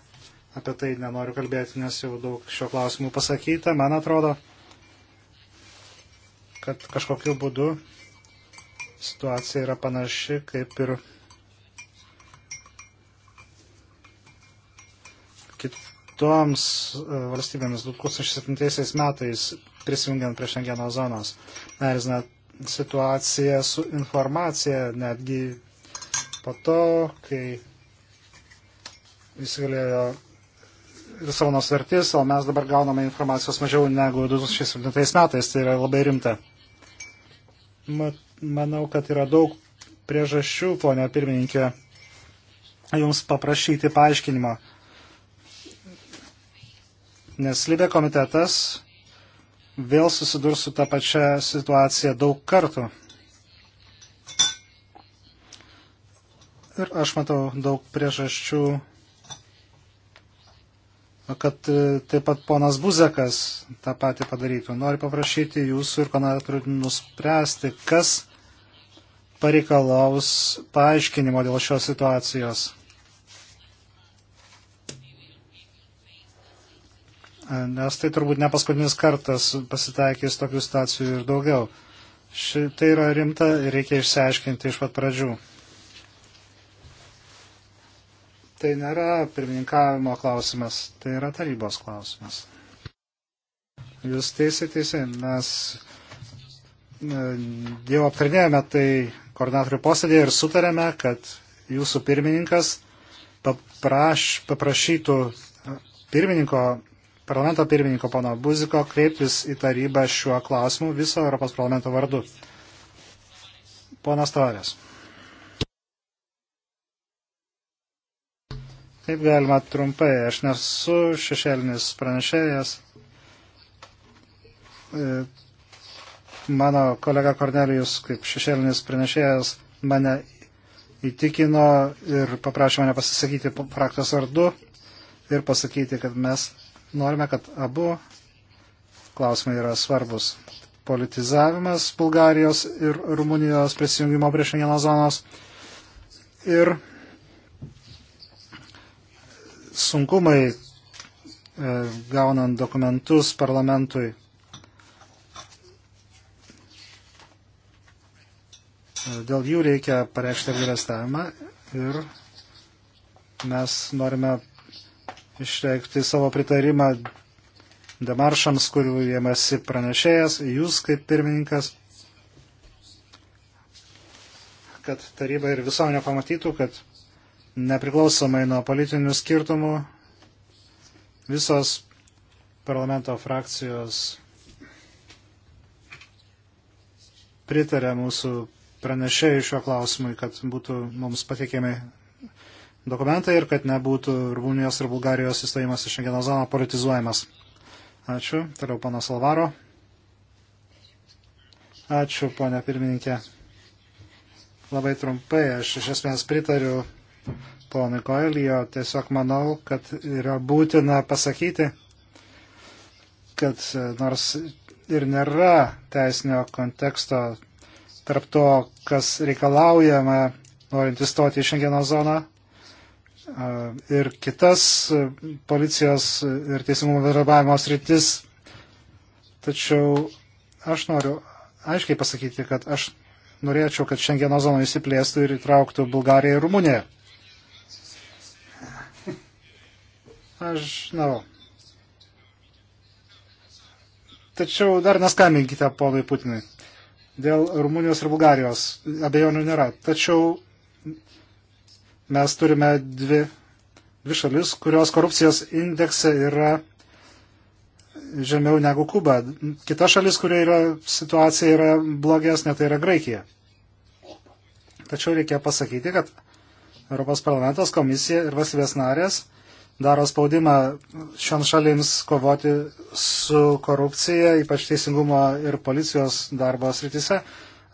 apie tai nenoriu kalbėti, nes jau daug šio klausimų pasakyta. Man atrodo, kad kažkokiu būdu situacija yra panaši kaip ir kitoms e, valstybėmis 2007 metais prisijungiant prie Šengeno zonos. Erzina situacija su informacija netgi po to, kai įsigalėjo ir savo nusvertis, o mes dabar gauname informacijos mažiau negu 2007 metais. Tai yra labai rimta. Mat, manau, kad yra daug priežasčių, ponia pirmininkė, jums paprašyti paaiškinimo. Nes Libė komitetas vėl susidurs su tą pačią situaciją daug kartų. Ir aš matau daug priežasčių kad e, taip pat ponas Buzekas tą patį padarytų. Noriu paprašyti jūsų ir konatorių nuspręsti, kas pareikalaus paaiškinimo dėl šios situacijos. E, nes tai turbūt ne paskutinis kartas pasitaikys tokių stacijų ir daugiau. Ši, tai yra rimta ir reikia išsiaiškinti iš pat pradžių tai nėra pirmininkavimo klausimas, tai yra tarybos klausimas. Jūs teisai, teisai, mes e, jau aptarnėjome tai koordinatorių posėdėje ir sutarėme, kad jūsų pirmininkas papraš, paprašytų pirmininko, parlamento pirmininko pono Buziko kreiptis į tarybą šiuo klausimu viso Europos parlamento vardu. Ponas Tavarės. Kaip galima trumpai, aš nesu šešėlinis pranešėjas. E, mano kolega Kornelijus, kaip šešėlinis pranešėjas, mane įtikino ir paprašė mane pasisakyti frakcijos vardu ir pasakyti, kad mes norime, kad abu klausimai yra svarbus. Politizavimas Bulgarijos ir Rumunijos prisijungimo prie Šengeno zonos ir sunkumai e, gaunant dokumentus parlamentui. E, dėl jų reikia pareikšti apgailestavimą ir mes norime išreikšti savo pritarimą demaršams, kurių jėmasi pranešėjas, jūs kaip pirmininkas, kad taryba ir visuomenė pamatytų, kad nepriklausomai nuo politinių skirtumų visos parlamento frakcijos pritarė mūsų pranešėjai šio klausimui, kad būtų mums pateikiami dokumentai ir kad nebūtų Rumunijos ir Bulgarijos įstojimas į Šengeno zoną politizuojamas. Ačiū. Toliau panas Alvaro. Ačiū, ponia pirmininkė. Labai trumpai, aš iš esmės pritariu kaip ponui Koelijo, tiesiog manau, kad yra būtina pasakyti, kad e, nors ir nėra teisinio konteksto tarp to, kas reikalaujama, norint įstoti į Šengeno zoną, ir kitas policijos ir teisingumo bendradarbiavimo sritis. Tačiau aš noriu aiškiai pasakyti, kad aš norėčiau, kad Šengeno zona įsiplėstų ir įtrauktų Bulgariją ir Rumuniją. Aš žinau. Tačiau dar neskambinkite ponui Putinui. Dėl Rumunijos ir Bulgarijos abejonių nėra. Tačiau mes turime dvi, dvi šalis, kurios korupcijos indekse yra žemiau negu Kuba. Kita šalis, kurioje yra, situacija yra blogesnė, tai yra Graikija. Tačiau reikia pasakyti, kad Europos parlamentas, komisija ir valstybės narės daro spaudimą šioms šalims kovoti su korupcija, ypač teisingumo ir policijos darbo srityse.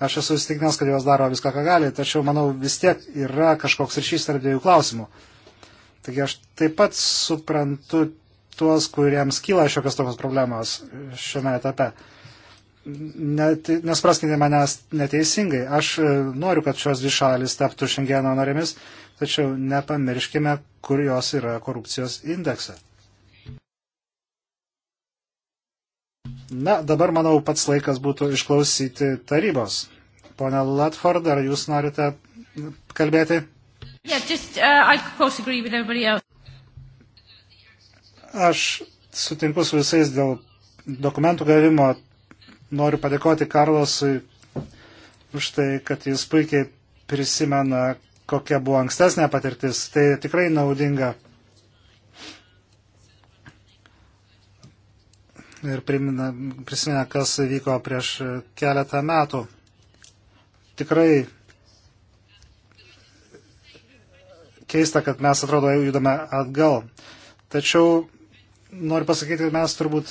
Aš esu įstikinęs, kad jos daro viską, ką gali, tačiau manau vis tiek yra kažkoks ryšys tarp dviejų klausimų. Taigi aš taip pat suprantu tuos, kuriems kyla šiokios tokios problemos šiame etape net, nespraskite manęs neteisingai. Aš e, noriu, kad šios dvi šalis taptų Šengeno narėmis, tačiau nepamirškime, kur jos yra korupcijos indekse. Na, dabar, manau, pats laikas būtų išklausyti tarybos. Pone Latford, ar jūs norite kalbėti? Yeah, just, uh, Aš sutinku su visais dėl dokumentų gavimo Noriu padėkoti Karlosui už tai, kad jis puikiai prisimena, kokia buvo ankstesnė patirtis. Tai tikrai naudinga. Ir primina, prisimena, kas vyko prieš keletą metų. Tikrai keista, kad mes atrodo judame atgal. Tačiau noriu pasakyti, kad mes turbūt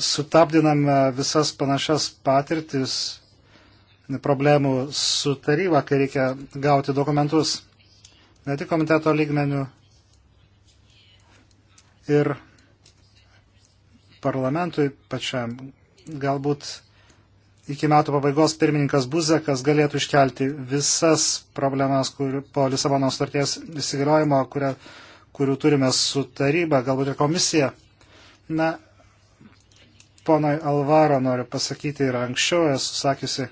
sutapdiname visas panašias patirtis problemų su taryba, kai reikia gauti dokumentus ne tik komiteto lygmenių ir parlamentui pačiam. Galbūt iki metų pabaigos pirmininkas Buzekas galėtų iškelti visas problemas kur, po Lisabono starties įsigaliojimo, kurią, kurių turime su taryba, galbūt ir komisija. Na, ponai Alvaro noriu pasakyti ir anksčiau esu sakiusi,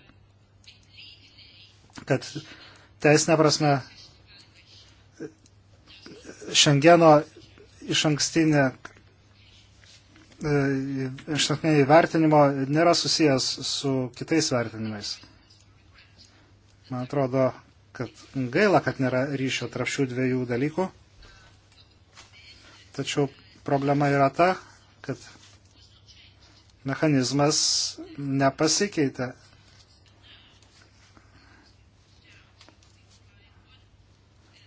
kad teisinė prasme Šengeno iš ankstinė e, iš ankstinė įvertinimo nėra susijęs su kitais vertinimais. Man atrodo, kad gaila, kad nėra ryšio tarp šių dviejų dalykų. Tačiau problema yra ta, kad mechanizmas nepasikeitė.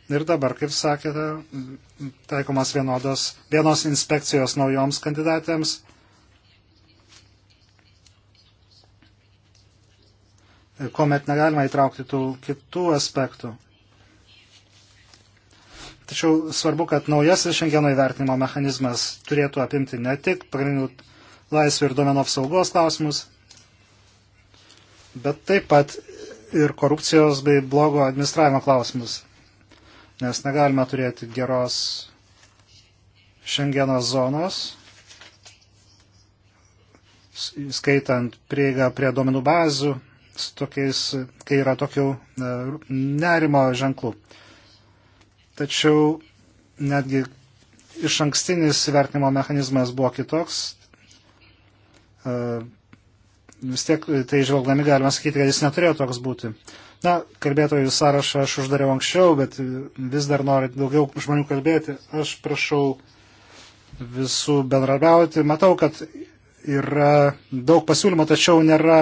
Ir dabar, kaip sakėte, taikomas vienodos, vienos inspekcijos naujoms kandidatėms. kuomet negalima įtraukti tų kitų aspektų. Tačiau svarbu, kad naujasis šengeno įvertinimo mechanizmas turėtų apimti ne tik pagrindinių laisvių ir domenų apsaugos klausimus, bet taip pat ir korupcijos bei blogo administravimo klausimus, nes negalime turėti geros Šengeno zonos, skaitant prieigą prie domenų bazų, su tokiais, kai yra tokių e, nerimo ženklų. Tačiau netgi iš ankstinis vertinimo mechanizmas buvo kitoks, E, vis tiek e, tai žvelgdami galima sakyti, kad jis neturėjo toks būti. Na, kalbėtojų sąrašą aš uždariau anksčiau, bet vis dar norit daugiau žmonių kalbėti. Aš prašau visų bendradarbiauti. Matau, kad yra daug pasiūlymų, tačiau nėra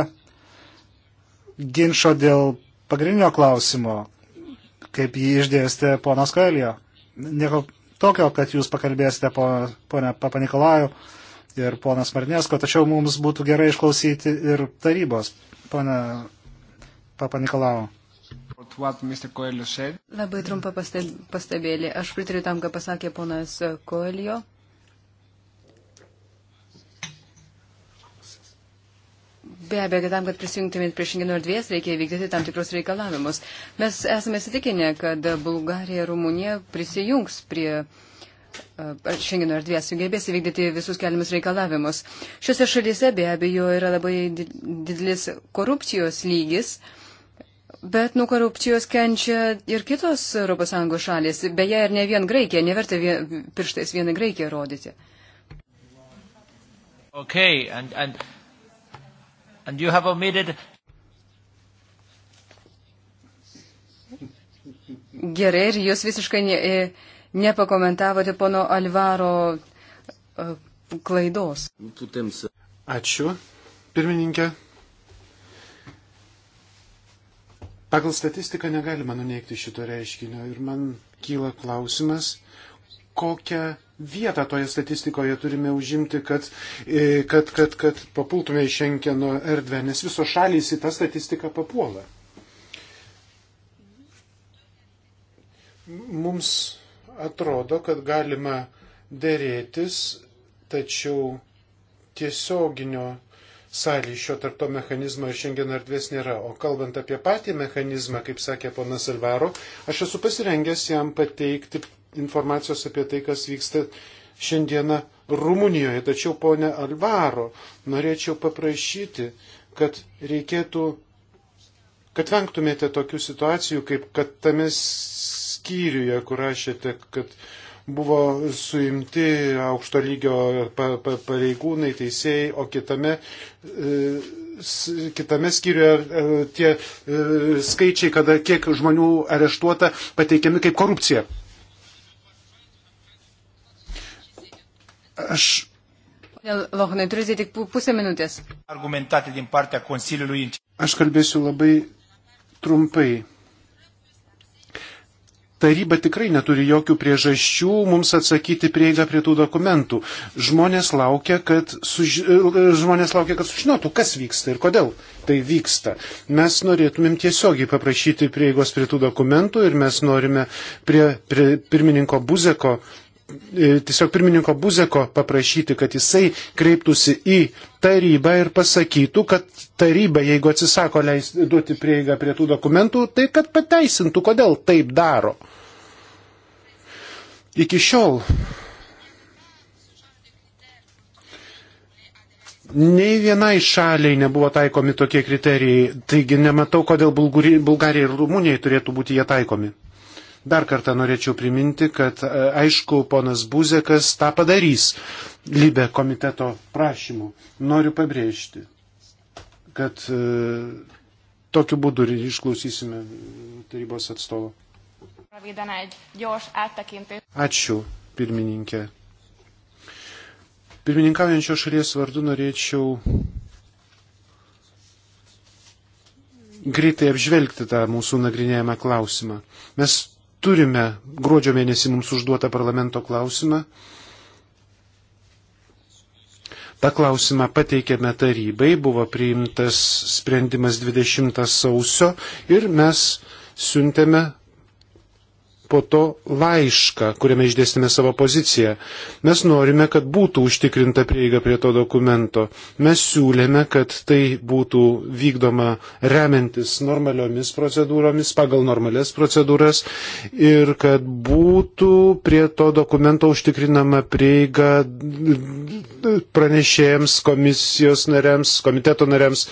ginčio dėl pagrindinio klausimo, kaip jį išdėstė ponas Koelio. Nieko tokio, kad jūs pakalbėsite, po, ponia Papanikolaju. Po ir ponas Marnesko, tačiau mums būtų gerai išklausyti ir tarybos. Pana Papa Nikolau. Labai trumpa pastabėlė. Aš pritariu tam, ką pasakė ponas Koelio. Be abejo, kad tam, kad prisijungtumėt prie šengino erdvės, reikia vykdyti tam tikrus reikalavimus. Mes esame įsitikinę, kad Bulgarija ir Rumunija prisijungs prie uh, Šengeno erdvės sugebės įvykdyti visus keliamus reikalavimus. Šiuose šalyse be abejo yra labai didelis korupcijos lygis, bet nuo korupcijos kenčia ir kitos ES šalis. Beje, ir ne vien Graikija, neverta vien, pirštais vieną Graikiją rodyti. Okay, and, and, and you have omitted Gerai, ir jūs visiškai ne, e, nepakomentavote pono Alvaro e, klaidos. Ačiū, pirmininkė. Pagal statistiką negalima nuneikti šito reiškinio ir man kyla klausimas, kokią vietą toje statistikoje turime užimti, kad, e, kad, kad, kad papultume į Šenkeno erdvę, nes visos šalys į tą statistiką papuola. Mums atrodo, kad galima dėrėtis, tačiau tiesioginio sąlyšio tarp to mechanizmo ir šiandien erdvės nėra. O kalbant apie patį mechanizmą, kaip sakė ponas Alvaro, aš esu pasirengęs jam pateikti informacijos apie tai, kas vyksta šiandieną Rumunijoje. Tačiau, ponė Alvaro, norėčiau paprašyti, kad reikėtų, kad vengtumėte tokių situacijų, kaip kad tamis skyriuje, kur rašėte, kad buvo suimti aukšto lygio pareigūnai, teisėjai, o kitame, e, kitame skyriuje e, tie e, skaičiai, kada kiek žmonių areštuota, pateikiami kaip korupcija. Aš Lohnai, turite tik pusę minutės. Argumentate din partea Consiliului. Aš kalbėsiu labai trumpai taryba tikrai neturi jokių priežasčių mums atsakyti prieigą prie tų dokumentų. Žmonės laukia, kad, suž... Žmonės laukia, kad sužinotų, kas vyksta ir kodėl tai vyksta. Mes norėtumėm tiesiogiai paprašyti prieigos prie tų dokumentų ir mes norime prie, prie pirmininko Buzeko E, tiesiog pirmininko Buzeko paprašyti, kad jisai kreiptųsi į tarybą ir pasakytų, kad taryba, jeigu atsisako leis, duoti prieigą prie tų dokumentų, tai kad pateisintų, kodėl taip daro. Iki šiol Nei vienai šaliai nebuvo taikomi tokie kriterijai, taigi nematau, kodėl Bulgarija ir Rumunijai turėtų būti jie taikomi. Dar kartą norėčiau priminti, kad e, aišku, ponas Buzekas tą padarys Libe komiteto prašymu. Noriu pabrėžti, kad e, tokiu būdu ir išklausysime tarybos atstovo. Ačiū, pirmininkė. Pirmininkaujančio šalies vardu norėčiau greitai apžvelgti tą mūsų nagrinėjamą klausimą. Mes turime gruodžio mėnesį mums užduotą parlamento klausimą. Ta klausimą pateikėme tarybai, buvo priimtas sprendimas 20 sausio ir mes siuntėme po to laišką, kuriame išdėstėme savo poziciją. Mes norime, kad būtų užtikrinta prieiga prie to dokumento. Mes siūlėme, kad tai būtų vykdoma remiantis normaliomis procedūromis, pagal normales procedūras ir kad būtų prie to dokumento užtikrinama prieiga pranešėjams, komisijos nariams, komiteto nariams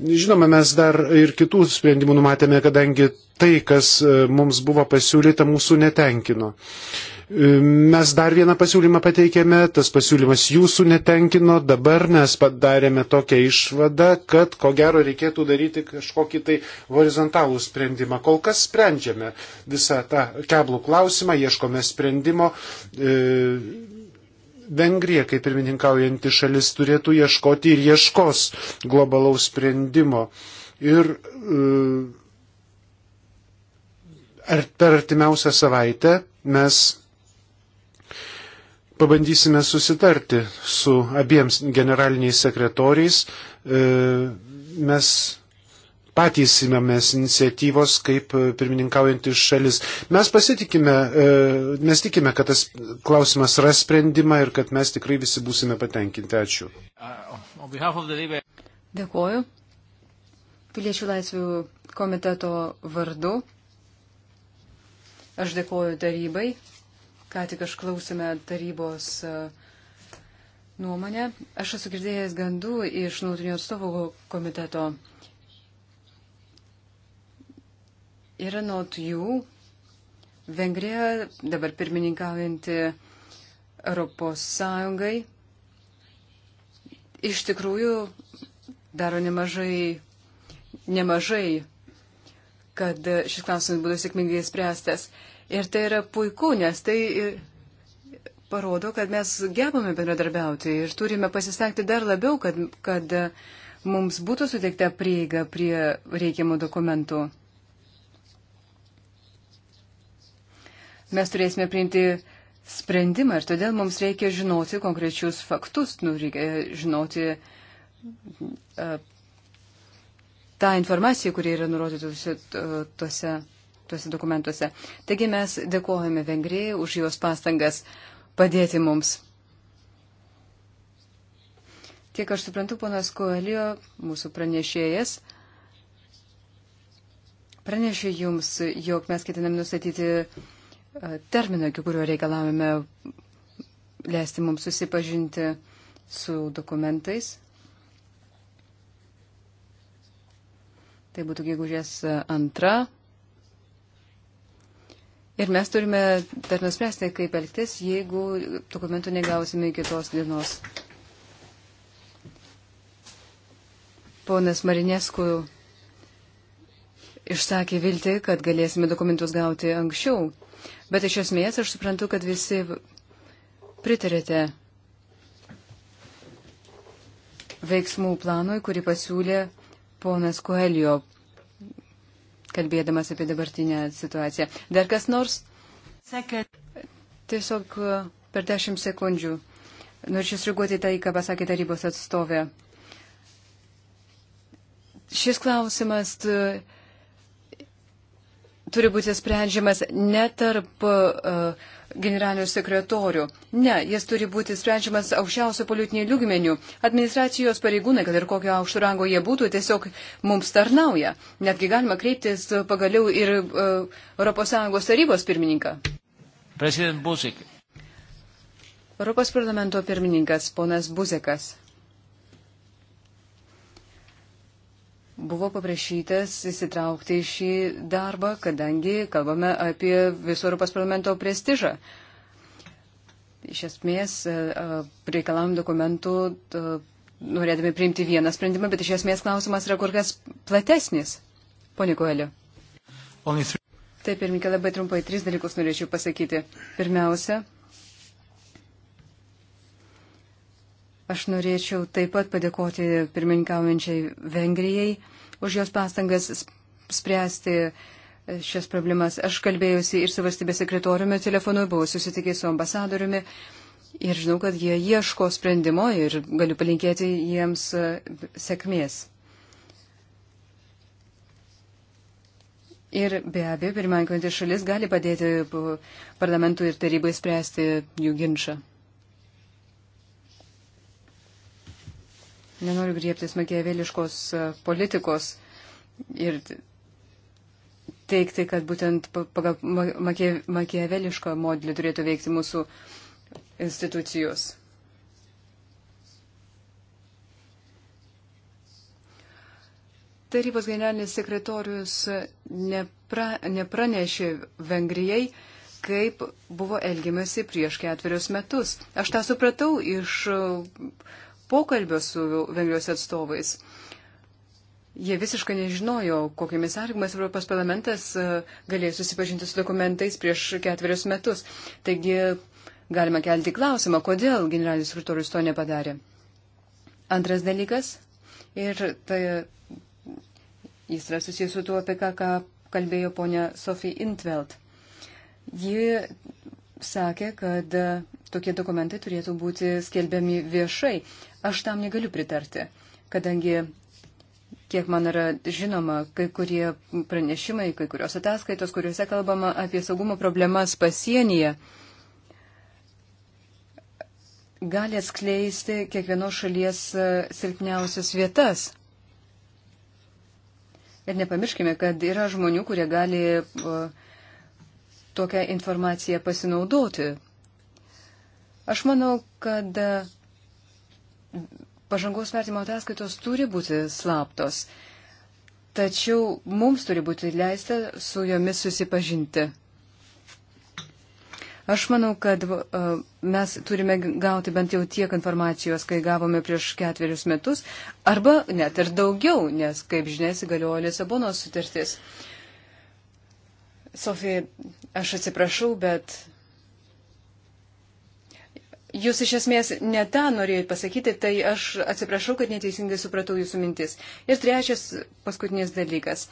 Žinoma, mes dar ir kitų sprendimų numatėme, kadangi tai, kas e, mums buvo pasiūlyta, mūsų netenkino. E, mes dar vieną pasiūlymą pateikėme, tas pasiūlymas jūsų netenkino, dabar mes padarėme tokią išvadą, kad ko gero reikėtų daryti kažkokį tai horizontalų sprendimą. Kol kas sprendžiame visą tą keblų klausimą, ieškome sprendimo. E, Vengrija, kaip pirmininkaujanti šalis, turėtų ieškoti ir ieškos globalaus sprendimo. Ir e, ar per artimiausią savaitę mes pabandysime susitarti su abiems generaliniais sekretoriais. E, mes patys įmėmės iniciatyvos kaip e, pirmininkaujantis šalis. Mes pasitikime, e, mes tikime, kad tas klausimas ras sprendimą ir kad mes tikrai visi būsime patenkinti. Ačiū. Dėkuoju. Piliečių laisvių komiteto vardu. Aš dėkuoju tarybai. Ką tik aš klausime tarybos e, nuomonę. Aš esu girdėjęs gandų iš nuotinio atstovų komiteto Ir anot jų, Vengrija dabar pirmininkaujanti Europos Sąjungai iš tikrųjų daro nemažai, nemažai kad šis klausimas būtų sėkmingai spręstas. Ir tai yra puiku, nes tai parodo, kad mes gebame bendradarbiauti ir turime pasistengti dar labiau, kad, kad mums būtų suteikta prieiga prie reikiamų dokumentų. mes turėsime priimti sprendimą ir todėl mums reikia žinoti konkrečius faktus, nu, reikia žinoti uh, tą informaciją, kuri yra nurodyta tuose, tuose dokumentuose. Taigi mes dėkojame Vengrijai už jos pastangas padėti mums. Kiek aš suprantu, ponas Koelio, mūsų pranešėjas, pranešė jums, jog mes ketinam nustatyti E, terminą, iki kurio reikalavome leisti mums susipažinti su dokumentais. Tai būtų gegužės antra. Ir mes turime dar nuspręsti, kaip elgtis, jeigu dokumentų negausime iki tos dienos. Ponas Marinesku išsakė vilti, kad galėsime dokumentus gauti anksčiau. Bet iš esmės aš suprantu, kad visi pritarėte veiksmų planui, kurį pasiūlė ponas Koelio, kalbėdamas apie dabartinę situaciją. Dar kas nors? Sekė. Tiesiog e, per dešimt sekundžių. Norėčiau sureaguoti tai, ką pasakė tarybos atstovė. Šis klausimas. Tu, e, turi būti sprendžiamas ne tarp uh, e, generalinių sekretorių. Ne, jis turi būti sprendžiamas aukščiausio politinio lygmenių. Administracijos pareigūnai, kad ir kokio aukšto rango jie būtų, tiesiog mums tarnauja. Netgi galima kreiptis pagaliau ir uh, e, ES tarybos pirmininką. Europos parlamento pirmininkas, ponas Buzekas. buvo paprašytas įsitraukti į šį darbą, kadangi kalbame apie viso Europos parlamento prestižą. Iš esmės, e, e, reikalavom dokumentų, e, norėdami priimti vieną sprendimą, bet iš esmės klausimas yra kur kas platesnis. Pone Koeliu. Taip, pirmininkė, labai trumpai tris dalykus norėčiau pasakyti. Pirmiausia, Aš norėčiau taip pat padėkoti pirmininkaujančiai Vengrijai už jos pastangas spręsti e, šias problemas. Aš kalbėjusi ir su valstybės sekretoriumi telefonu, buvau susitikęs su ambasadoriumi ir žinau, kad jie ieško sprendimo ir galiu palinkėti jiems e, sėkmės. Ir be abejo, pirmininkaujantis šalis gali padėti e, parlamentui ir tarybai spręsti jų ginčą. nenoriu griebtis makiaveliškos e, politikos ir teikti, kad būtent pagal makiavelišką modelį turėtų veikti mūsų institucijos. Tarybos generalinis sekretorius nepra, nepranešė Vengrijai, kaip buvo elgiamasi prieš ketverius metus. Aš tą supratau iš uh, pokalbio su Vengrijos atstovais. Jie visiškai nežinojo, kokiamis sąlygomis Europos parlamentas e, galėjo susipažinti su dokumentais prieš ketverius metus. Taigi galima kelti klausimą, kodėl generalinis sekretorius to nepadarė. Antras dalykas, ir tai, jis yra susijęs su tuo, apie ką, ką kalbėjo ponia Sofija Intveld. Ji sakė, kad e, tokie dokumentai turėtų būti skelbiami viešai. Aš tam negaliu pritarti, kadangi, kiek man yra žinoma, kai kurie pranešimai, kai kurios ataskaitos, kuriuose kalbama apie saugumo problemas pasienyje, gali atskleisti kiekvienos šalies e, silpniausias vietas. Ir nepamirškime, kad yra žmonių, kurie gali uh, tokią informaciją pasinaudoti. Aš manau, kad pažangos vertimo ataskaitos turi būti slaptos, tačiau mums turi būti leista su jomis susipažinti. Aš manau, kad e, mes turime gauti bent jau tiek informacijos, kai gavome prieš ketverius metus, arba net ir daugiau, nes, kaip žinia, įsigaliojo Lisabonos sutartis. Uh, Sofija, aš atsiprašau, bet jūs iš esmės ne tą norėjote pasakyti, tai aš atsiprašau, kad neteisingai supratau jūsų mintis. Ir trečias paskutinis dalykas.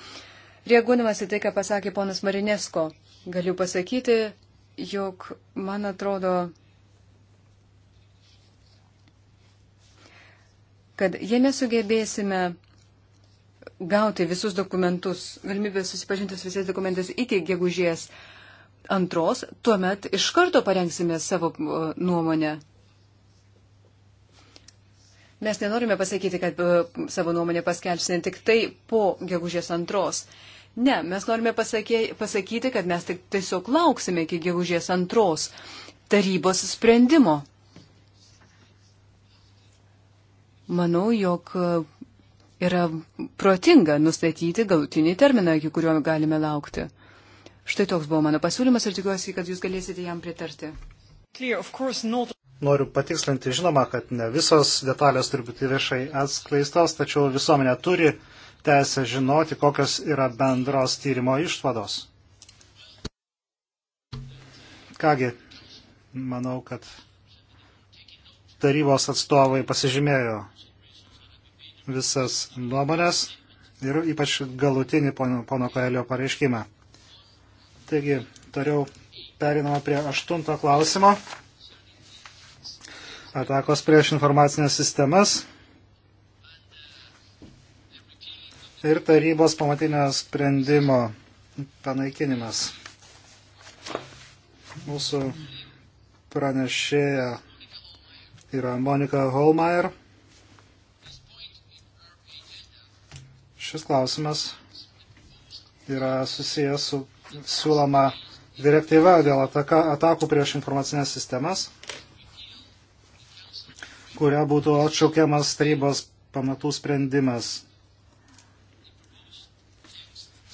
Reaguodamas į tai, ką pasakė ponas Marinesko, galiu pasakyti, jog man atrodo, kad jei mes sugebėsime gauti visus dokumentus, galimybę susipažinti su visais dokumentais iki gegužės antros, tuomet iš karto parengsime savo nuomonę. Mes nenorime pasakyti, kad savo nuomonę paskelbsime tik tai po gegužės antros. Ne, mes norime pasakė, pasakyti, kad mes tik tiesiog lauksime iki gegužės antros tarybos sprendimo. Manau, jog yra protinga nustatyti galutinį terminą, iki kurio galime laukti. Štai toks buvo mano pasiūlymas ir tikiuosi, kad jūs galėsite jam pritarti. Clear, Noriu patikslinti, žinoma, kad ne visos detalės turi būti viešai atskleistos, tačiau visuomenė turi teisę žinoti, kokios yra bendros tyrimo išvados. Kągi, manau, kad tarybos atstovai pasižymėjo visas nuomonės ir ypač galutinį pono, pono Koelio pareiškimą. Taigi, toliau perinama prie aštunto klausimo. Atakos prieš informacinės sistemas ir tarybos pamatinio sprendimo panaikinimas. Mūsų pranešėja yra Monika Holmeier. Šis klausimas yra susijęs su siūloma direktyva dėl ataka, atakų prieš informacinės sistemas, kuria būtų atšaukiamas tarybos pamatų sprendimas.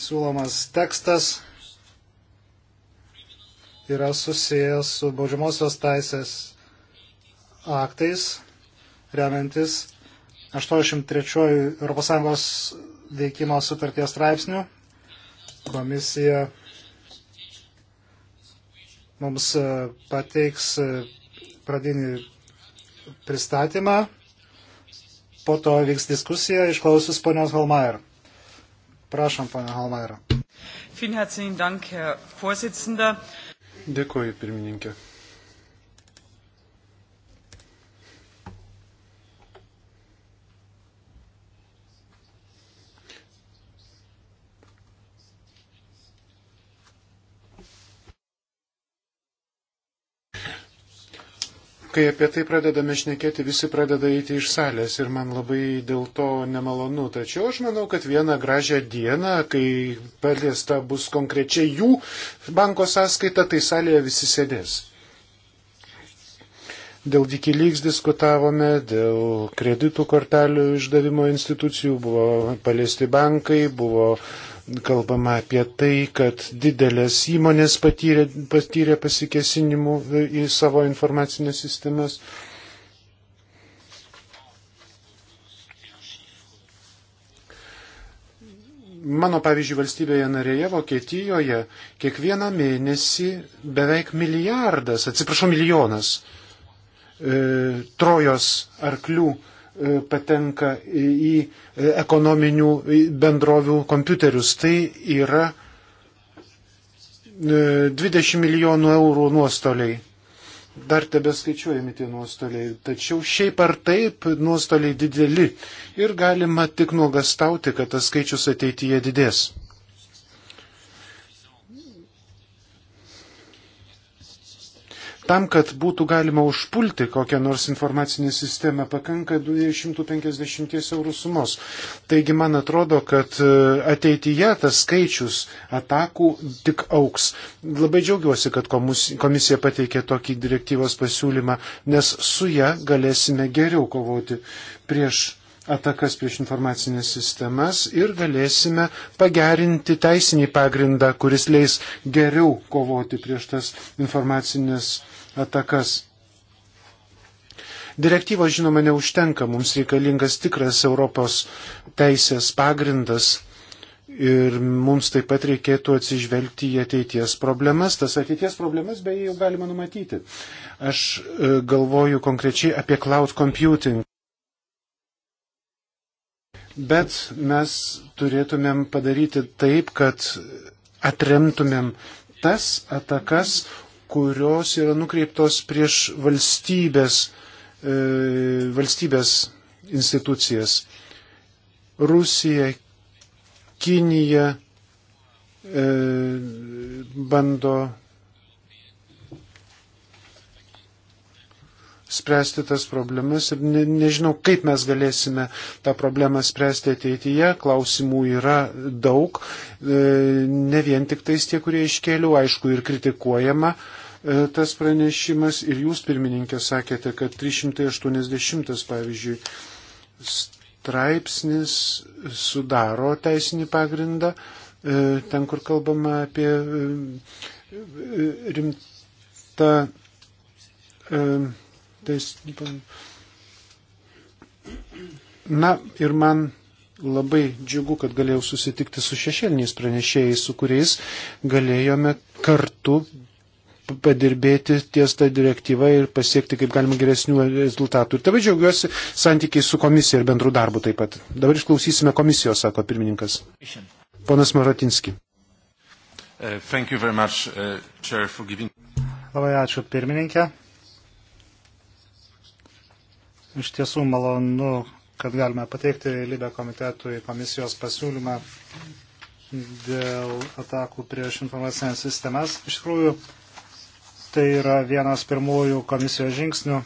Siūlomas tekstas yra susijęs su baudžiamosios teisės aktais, remiantis 83 ES veikimo sutarties straipsnių. Komisija mums e, pateiks e, pradinį pristatymą, po to vyks diskusija išklausus ponios Holmaier. Prašom, ponia Holmaier. Dėkuoju, pirmininkė. kai apie tai pradedame šnekėti, visi pradeda eiti iš salės ir man labai dėl to nemalonu. Tačiau aš manau, kad vieną gražią dieną, kai paliesta bus konkrečiai jų banko sąskaita, tai salėje visi sėdės. Dėl Dikilyks diskutavome, dėl kreditų kortelių išdavimo institucijų buvo paliesti bankai, buvo uh, kalbama apie tai, kad didelės įmonės patyrė, patyrė pasikesinimų į savo informacinės sistemas. Mano, pavyzdžiui, valstybėje narėje, Vokietijoje, kiekvieną mėnesį beveik milijardas, atsiprašau, milijonas e, trojos arklių e, E, patenka į e, ekonominių bendrovių kompiuterius. Tai yra 20 e, milijonų eurų nuostoliai. Dar tebe skaičiuojami tie nuostoliai, tačiau šiaip ar taip nuostoliai dideli ir galima tik nuogastauti, kad tas skaičius ateityje didės. Tam, kad būtų galima užpulti kokią nors informacinę sistemą, pakanka 250 eurų sumos. Taigi man atrodo, kad e, ateityje tas skaičius atakų tik auks. Labai džiaugiuosi, kad komisija pateikė tokį direktyvos pasiūlymą, nes su ją galėsime geriau kovoti prieš atakas prieš informacinės sistemas ir galėsime pagerinti teisinį pagrindą, kuris leis geriau kovoti prieš tas informacinės sistemas atakas. Direktyvos, žinoma, neužtenka, mums reikalingas tikras Europos teisės pagrindas ir mums taip pat reikėtų atsižvelgti į ateities problemas. Tas ateities problemas beje jau galima numatyti. Aš e, galvoju konkrečiai apie cloud computing. Bet mes turėtumėm padaryti taip, kad atremtumėm tas atakas, kurios yra nukreiptos prieš valstybės, e, valstybės institucijas. Rusija, Kinija e, bando spręsti tas problemas ir ne, nežinau, kaip mes galėsime tą problemą spręsti ateityje. Klausimų yra daug, e, ne vien tik tais tie, kurie iškėliau, aišku, ir kritikuojama. E, E, tas pranešimas ir jūs, pirmininkė, sakėte, kad 380, pavyzdžiui, straipsnis sudaro teisinį pagrindą, e, ten, kur kalbama apie e, rimtą teisinį. Na ir man labai džiugu, kad galėjau susitikti su šešėliniais pranešėjais, su kuriais galėjome kartu padirbėti ties tą direktyvą ir pasiekti kaip galima geresnių rezultatų. Ir tave džiaugiuosi santykiai su komisija ir bendrų darbų taip pat. Dabar išklausysime komisijos, sako pirmininkas. Ponas Maratinski. Uh, much, uh, chair, giving... Labai ačiū pirmininkė. Iš tiesų malonu, kad galime pateikti Libę komitetui komisijos pasiūlymą dėl atakų prieš informacinės sistemas. Iš tikrųjų, uh, Tai yra vienas pirmųjų komisijos žingsnių, e,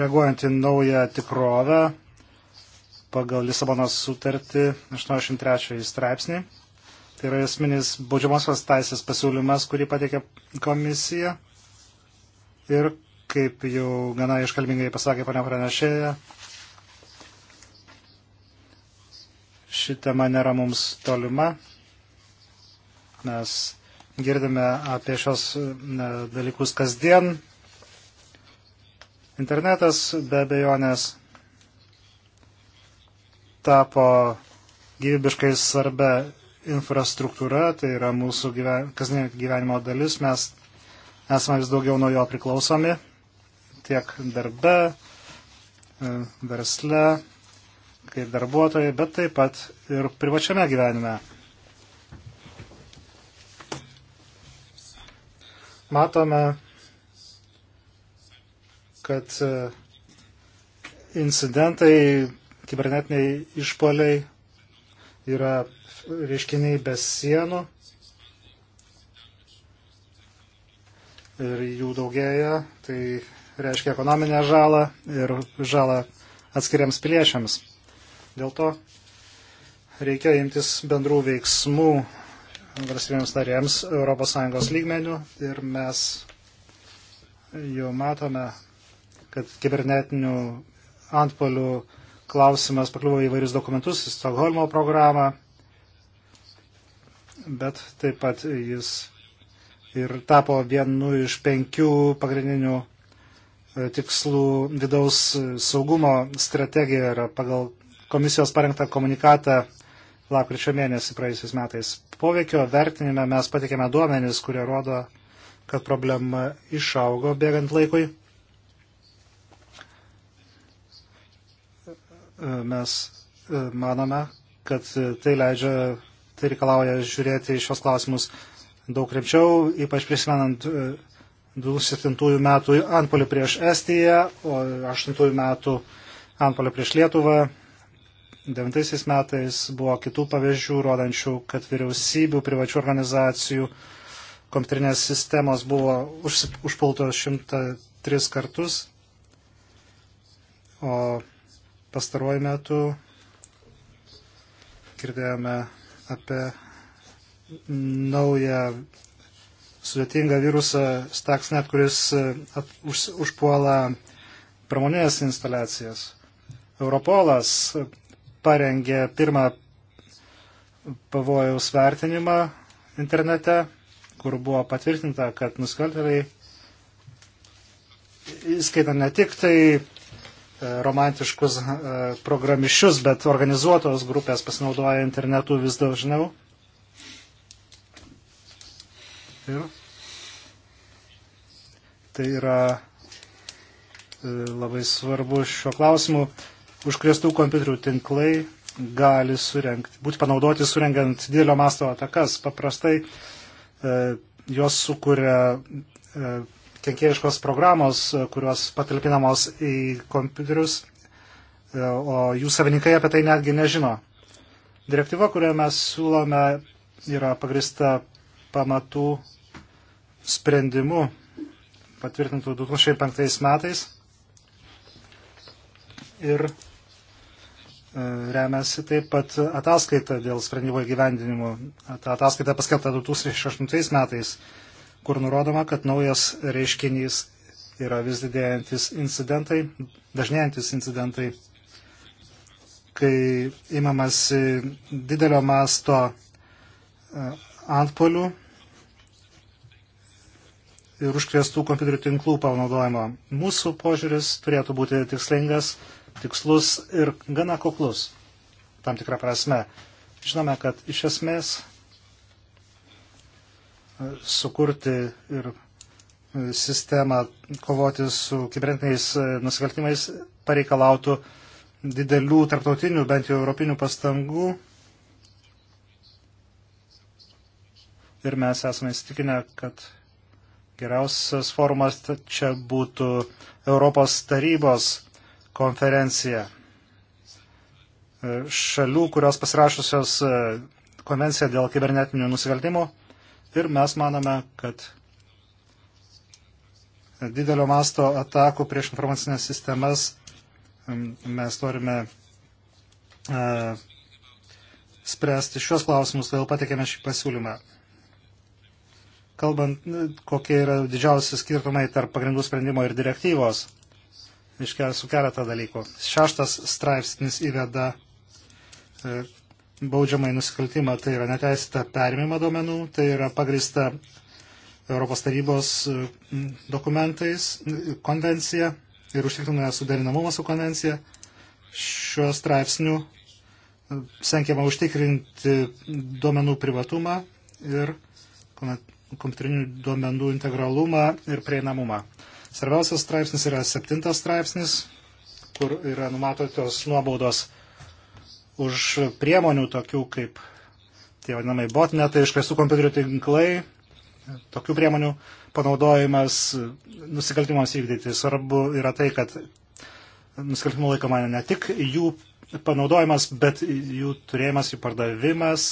reaguojant į naują tikrovę pagal Lisabonos sutartį 83 straipsnį. Tai yra esminis baudžiamosios taisės pasiūlymas, kurį pateikė komisija. Ir kaip jau gana iškalbingai pasakė ponia pranešėja, ši tema nėra mums tolima. Mes girdime apie šios dalykus kasdien. Internetas be abejonės tapo gyvybiškai svarbia infrastruktūra, tai yra mūsų gyven, kasdienio gyvenimo dalis, mes esame vis daugiau nuo jo priklausomi, tiek darbe, e, versle, kaip darbuotojai, bet taip pat ir privačiame gyvenime. matome, kad e, incidentai, kibernetiniai išpoliai yra reiškiniai be sienų ir jų daugėja, tai reiškia ekonominę žalą ir žalą atskiriams piliečiams. Dėl to reikia imtis bendrų veiksmų valstybėms narėms ES lygmenių ir mes jau matome, kad kibernetinių antpolių klausimas pakliuvo į vairius dokumentus, į Stokholmo programą, bet taip pat jis ir tapo vienu iš penkių pagrindinių e, tikslų vidaus saugumo strategijoje pagal komisijos parengtą komunikatą lapkričio mėnesį praėjusiais metais poveikio vertinime mes patikėme duomenis, kurie rodo, kad problema išaugo bėgant laikui. Mes e, manome, kad tai leidžia, tai reikalauja žiūrėti šios klausimus daug rimčiau, ypač prisimenant 2007 e, metų antpolį prieš Estiją, o 2008 metų antpolį prieš Lietuvą 2009 metais buvo kitų pavyzdžių, rodančių, kad vyriausybių, privačių organizacijų kompiuterinės sistemos buvo užpultos 103 kartus, o pastaruoju metu girdėjome apie naują sudėtingą virusą Stuxnet, kuris e, at, už, užpuola pramoninės instaliacijas. Europolas parengė pirmą pavojaus vertinimą internete, kur buvo patvirtinta, kad nusikaltėliai, įskaitant ne tik tai e, romantiškus e, programišius, bet organizuotos grupės pasinaudoja internetu vis dažniau. Ir tai yra e, labai svarbu šiuo klausimu užkrėstų kompiuterių tinklai gali surenkt, būti panaudoti surengiant didelio masto atakas. Paprastai e, jos sukuria e, kenkėjiškos programos, e, kurios patalpinamos į kompiuterius, e, o jų savininkai apie tai netgi nežino. Direktyva, kurią mes siūlome, yra pagrista pamatų sprendimu patvirtintų 2005 metais. Ir remiasi taip pat ataskaita dėl sprendimo įgyvendinimo. Ta ataskaita paskelbta 2008 metais, kur nurodoma, kad naujas reiškinys yra vis didėjantis incidentai, dažnėjantis incidentai, kai imamas didelio masto e, antpolių ir užkrėstų kompiuterių tinklų panaudojimo. Mūsų požiūris turėtų būti tikslingas tikslus ir gana kuklus, tam tikrą prasme. Žinome, kad iš esmės e, sukurti ir e, sistemą kovoti su kibernetiniais e, nusikaltimais pareikalautų didelių tarptautinių, bent jau europinių pastangų. Ir mes esame įstikinę, kad geriausias formas čia būtų Europos tarybos konferencija e, šalių, kurios pasirašusios e, konvenciją dėl kibernetinių nusikaltimų. Ir mes manome, kad didelio masto atakų prieš informacinės sistemas mes norime uh, spręsti šios klausimus, todėl patikėme šį pasiūlymą. Kalbant, kokie yra didžiausi skirtumai tarp pagrindų sprendimo ir direktyvos su keletą dalykų. Šeštas straipsnis įveda e, baudžiamai nusikaltimą, tai yra neteisėta perimimo duomenų, tai yra pagrįsta Europos tarybos e, dokumentais, konvencija ir užtikrina suderinamumą su konvencija. Šiuo straipsniu e, senkiama užtikrinti duomenų privatumą ir kompiuterinių duomenų integralumą ir prieinamumą. Svarbiausias straipsnis yra septintas straipsnis, kur yra numatotos nuobaudos už priemonių tokių kaip tie vadinamai botnetai, iškrestų kompiuterių tinklai, tokių priemonių panaudojimas nusikaltimams vykdyti. Svarbu yra tai, kad nusikaltimų laikoma ne tik jų panaudojimas, bet jų turėjimas, jų pardavimas,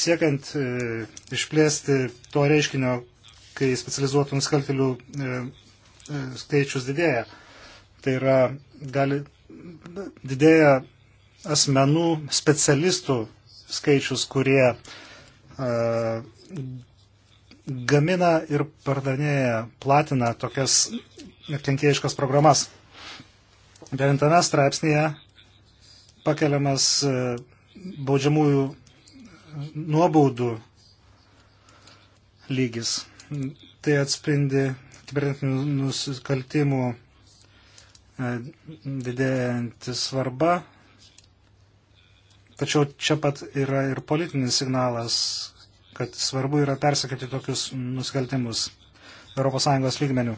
siekiant e, išplėsti to reiškinio kai specializuotų nusikaltelių e, e, skaičius didėja. Tai yra, gali, didėja asmenų specialistų skaičius, kurie a, e, gamina ir pardavinėja, platina tokias kenkėjiškas programas. Devintame straipsnėje pakeliamas baudžiamųjų nuobaudų lygis tai atspindi kibernetinių nusikaltimų e, didėjanti svarba. Tačiau čia pat yra ir politinis signalas, kad svarbu yra persekėti tokius nusikaltimus ES lygmenių.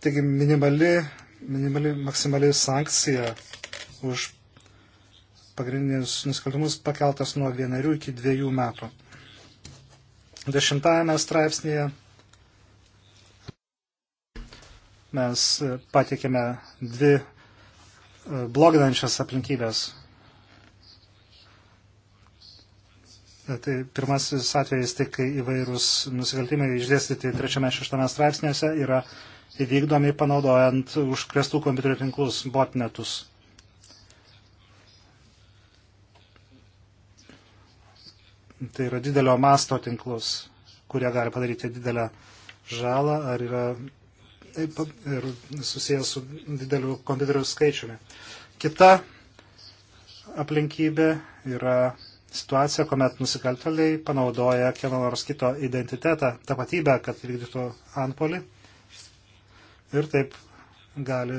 Taigi minimali, minimali maksimali sankcija už pagrindinius nusikaltimus pakeltas nuo vienerių iki dviejų metų. Dešimtajame straipsnėje mes e, patikėme dvi e, bloginančias aplinkybės. E, tai pirmasis atvejis, tai kai įvairūs nusikaltimai išdėstyti trečiame šeštame straipsnėse yra įvykdomi panaudojant užkrestų kompiuterių tinklus, botnetus. tai yra didelio masto tinklus, kurie gali padaryti didelę žalą ar yra e, ir susijęs su dideliu kompiuterių skaičiumi. Kita aplinkybė yra situacija, kuomet nusikaltėliai panaudoja kieno nors kito identitetą, tapatybę, kad vykdytų antpolį ir taip gali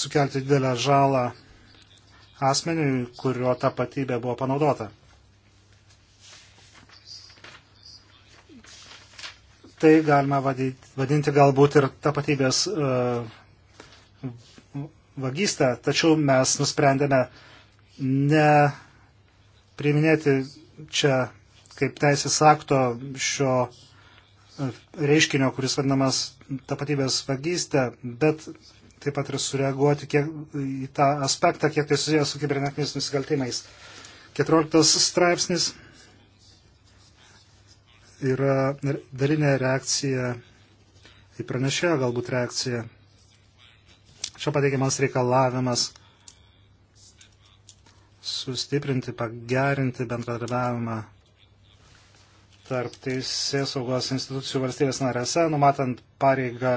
sukelti didelę žalą asmeniui, kurio tapatybė buvo panaudota. tai galima vadinti galbūt ir tapatybės e, vagystę, tačiau mes nusprendėme ne priiminėti čia kaip teisės akto šio e, reiškinio, kuris vadinamas tapatybės vagystė, bet taip pat ir sureaguoti kiek, į tą aspektą, kiek tai susijęs su kibernetiniais nusikaltimais. 14 straipsnis yra dalinė reakcija į pranešėjo galbūt reakciją. Čia pateikiamas reikalavimas sustiprinti, pagerinti bendradarbiavimą tarp teisės saugos institucijų valstybės narėse, numatant pareigą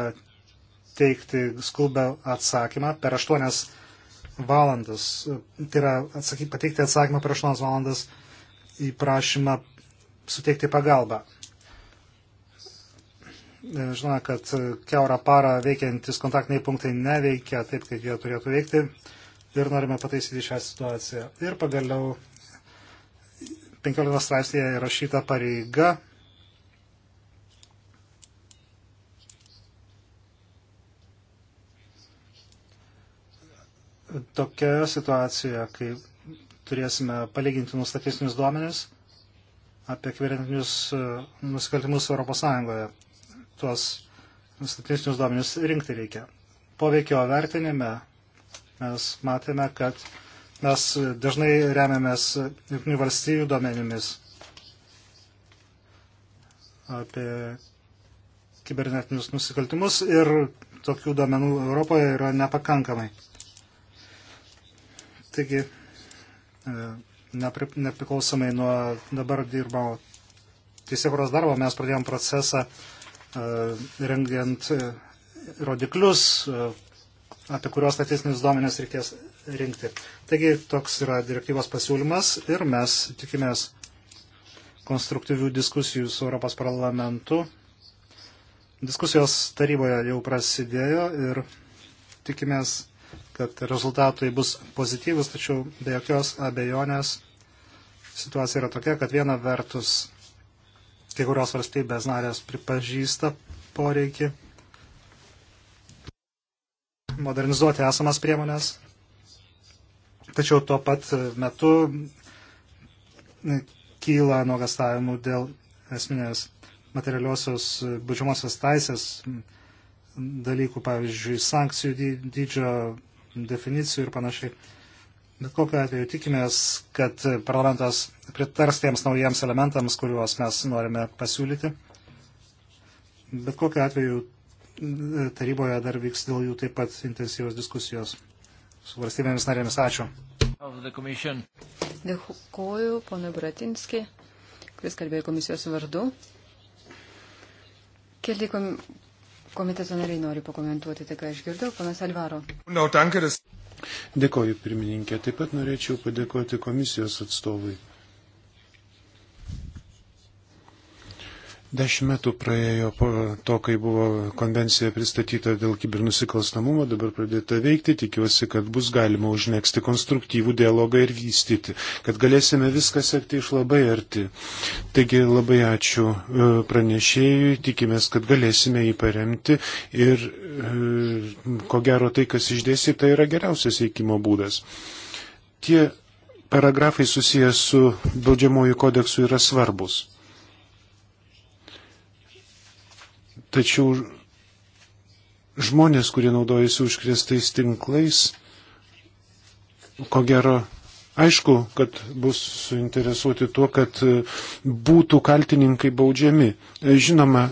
teikti skubę atsakymą per 8 valandas. Tai yra atsaky, pateikti atsakymą per 8 valandas į prašymą suteikti pagalbą. E, žinome, kad keurą parą veikiantis kontaktiniai punktai neveikia taip, kaip jie turėtų veikti ir norime pataisyti šią situaciją. Ir pagaliau 15 straipsnėje įrašyta pareiga tokioje situacijoje, kai turėsime palyginti nustatistinius duomenis apie kibernetinius e, nusikaltimus Europos Sąjungoje tuos statistinius duomenis rinkti reikia. Poveikio vertinime mes matėme, kad mes dažnai remiamės jungtinių valstybių duomenimis apie kibernetinius nusikaltimus ir tokių duomenų Europoje yra nepakankamai. Taigi, e, nepriklausomai nuo dabar dirbamo teisėkuros darbo, mes pradėjom procesą E, rengiant e, rodiklius, e, apie kuriuos statistinius duomenės reikės rinkti. Taigi toks yra direktyvos pasiūlymas ir mes tikimės konstruktyvių diskusijų su Europos parlamentu. Diskusijos taryboje jau prasidėjo ir tikimės, kad rezultatai bus pozityvus, tačiau be jokios abejonės situacija yra tokia, kad viena vertus kai kurios valstybės narės pripažįsta poreikį modernizuoti esamas priemonės, tačiau tuo pat metu kyla nuogastavimų dėl esminės materialiosios būdžiamosios taisės dalykų, pavyzdžiui, sankcijų dydžio, definicijų ir panašiai. Bet kokiu atveju tikimės, kad parlamentas pritars tiems naujiems elementams, kuriuos mes norime pasiūlyti. Bet kokiu atveju e, taryboje dar vyks dėl jų taip pat intensyvios diskusijos su valstybėmis narėmis. Ačiū. Dėkuoju, ponui Bratinski, kuris kalbėjo komisijos vardu. Keli komiteto nariai nori pakomentuoti tai, ką išgirdau, panas Alvaro. No, danke, das... Dėkoju, pirmininkė. Taip pat norėčiau padėkoti komisijos atstovui. Dešimt metų praėjo po to, kai buvo konvencija pristatyta dėl kibernusikalstamumo, dabar pradėta veikti, tikiuosi, kad bus galima užmėgsti konstruktyvų dialogą ir vystyti, kad galėsime viską sekti iš labai arti. Taigi labai ačiū e, pranešėjui, tikimės, kad galėsime jį paremti ir e, ko gero tai, kas išdėsi, tai yra geriausias veikimo būdas. Tie paragrafai susijęs su baudžiamojų kodeksu yra svarbus Tačiau žmonės, kurie naudojasi užkristais tinklais, ko gero, aišku, kad bus suinteresuoti tuo, kad būtų kaltininkai baudžiami. Žinoma,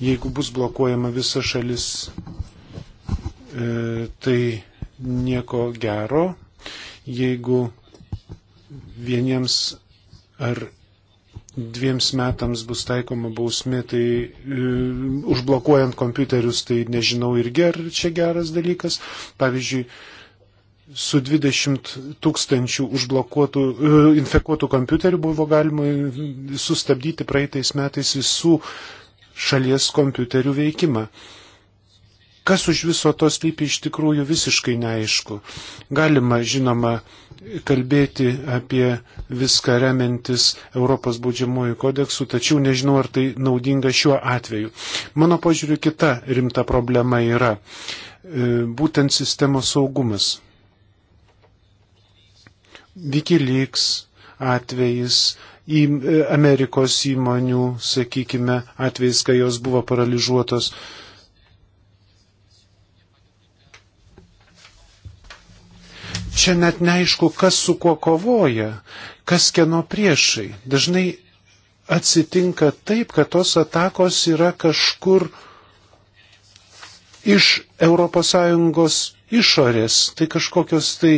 jeigu bus blokuojama visa šalis, e, tai nieko gero. Jeigu vieniems ar dviems metams bus taikoma bausmė, tai e, užblokuojant kompiuterius, tai nežinau irgi ar čia geras dalykas. Pavyzdžiui, su 20 tūkstančių užblokuotų, e, infekuotų kompiuterių buvo galima sustabdyti praeitais metais visų šalies kompiuterių veikimą. E, Kas už viso to slypi iš tikrųjų visiškai neaišku. Galima, žinoma, kalbėti apie viską remiantis Europos baudžiamųjų kodeksų, tačiau nežinau, ar tai naudinga šiuo atveju. Mano požiūriu, kita rimta problema yra e, būtent sistemos saugumas. Vikilyks atvejis, į e, Amerikos įmonių, sakykime, atvejais, kai jos buvo paralyžiuotos. E, čia net neaišku, kas su kuo kovoja, kas kieno priešai. Dažnai atsitinka taip, kad tos atakos yra kažkur iš ES išorės, tai kažkokios tai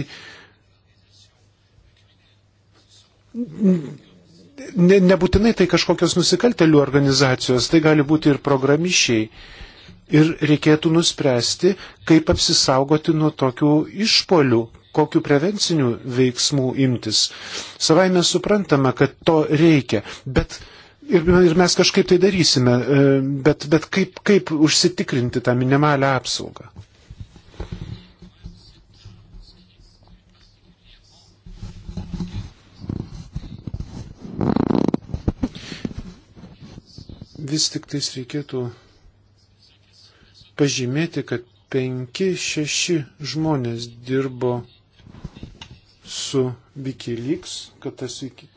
ne, nebūtinai tai kažkokios nusikaltelių organizacijos, tai gali būti ir programišiai. Ir reikėtų nuspręsti, kaip apsisaugoti nuo tokių išpolių, kokiu prevenciniu veiksmu imtis. Savai mes suprantame, kad to reikia, bet ir, ir mes kažkaip tai darysime, e, bet, bet kaip, kaip užsitikrinti tą minimalią apsaugą. Vis tik tais reikėtų pažymėti, kad penki, šeši žmonės dirbo su Wikileaks, kad tas iki.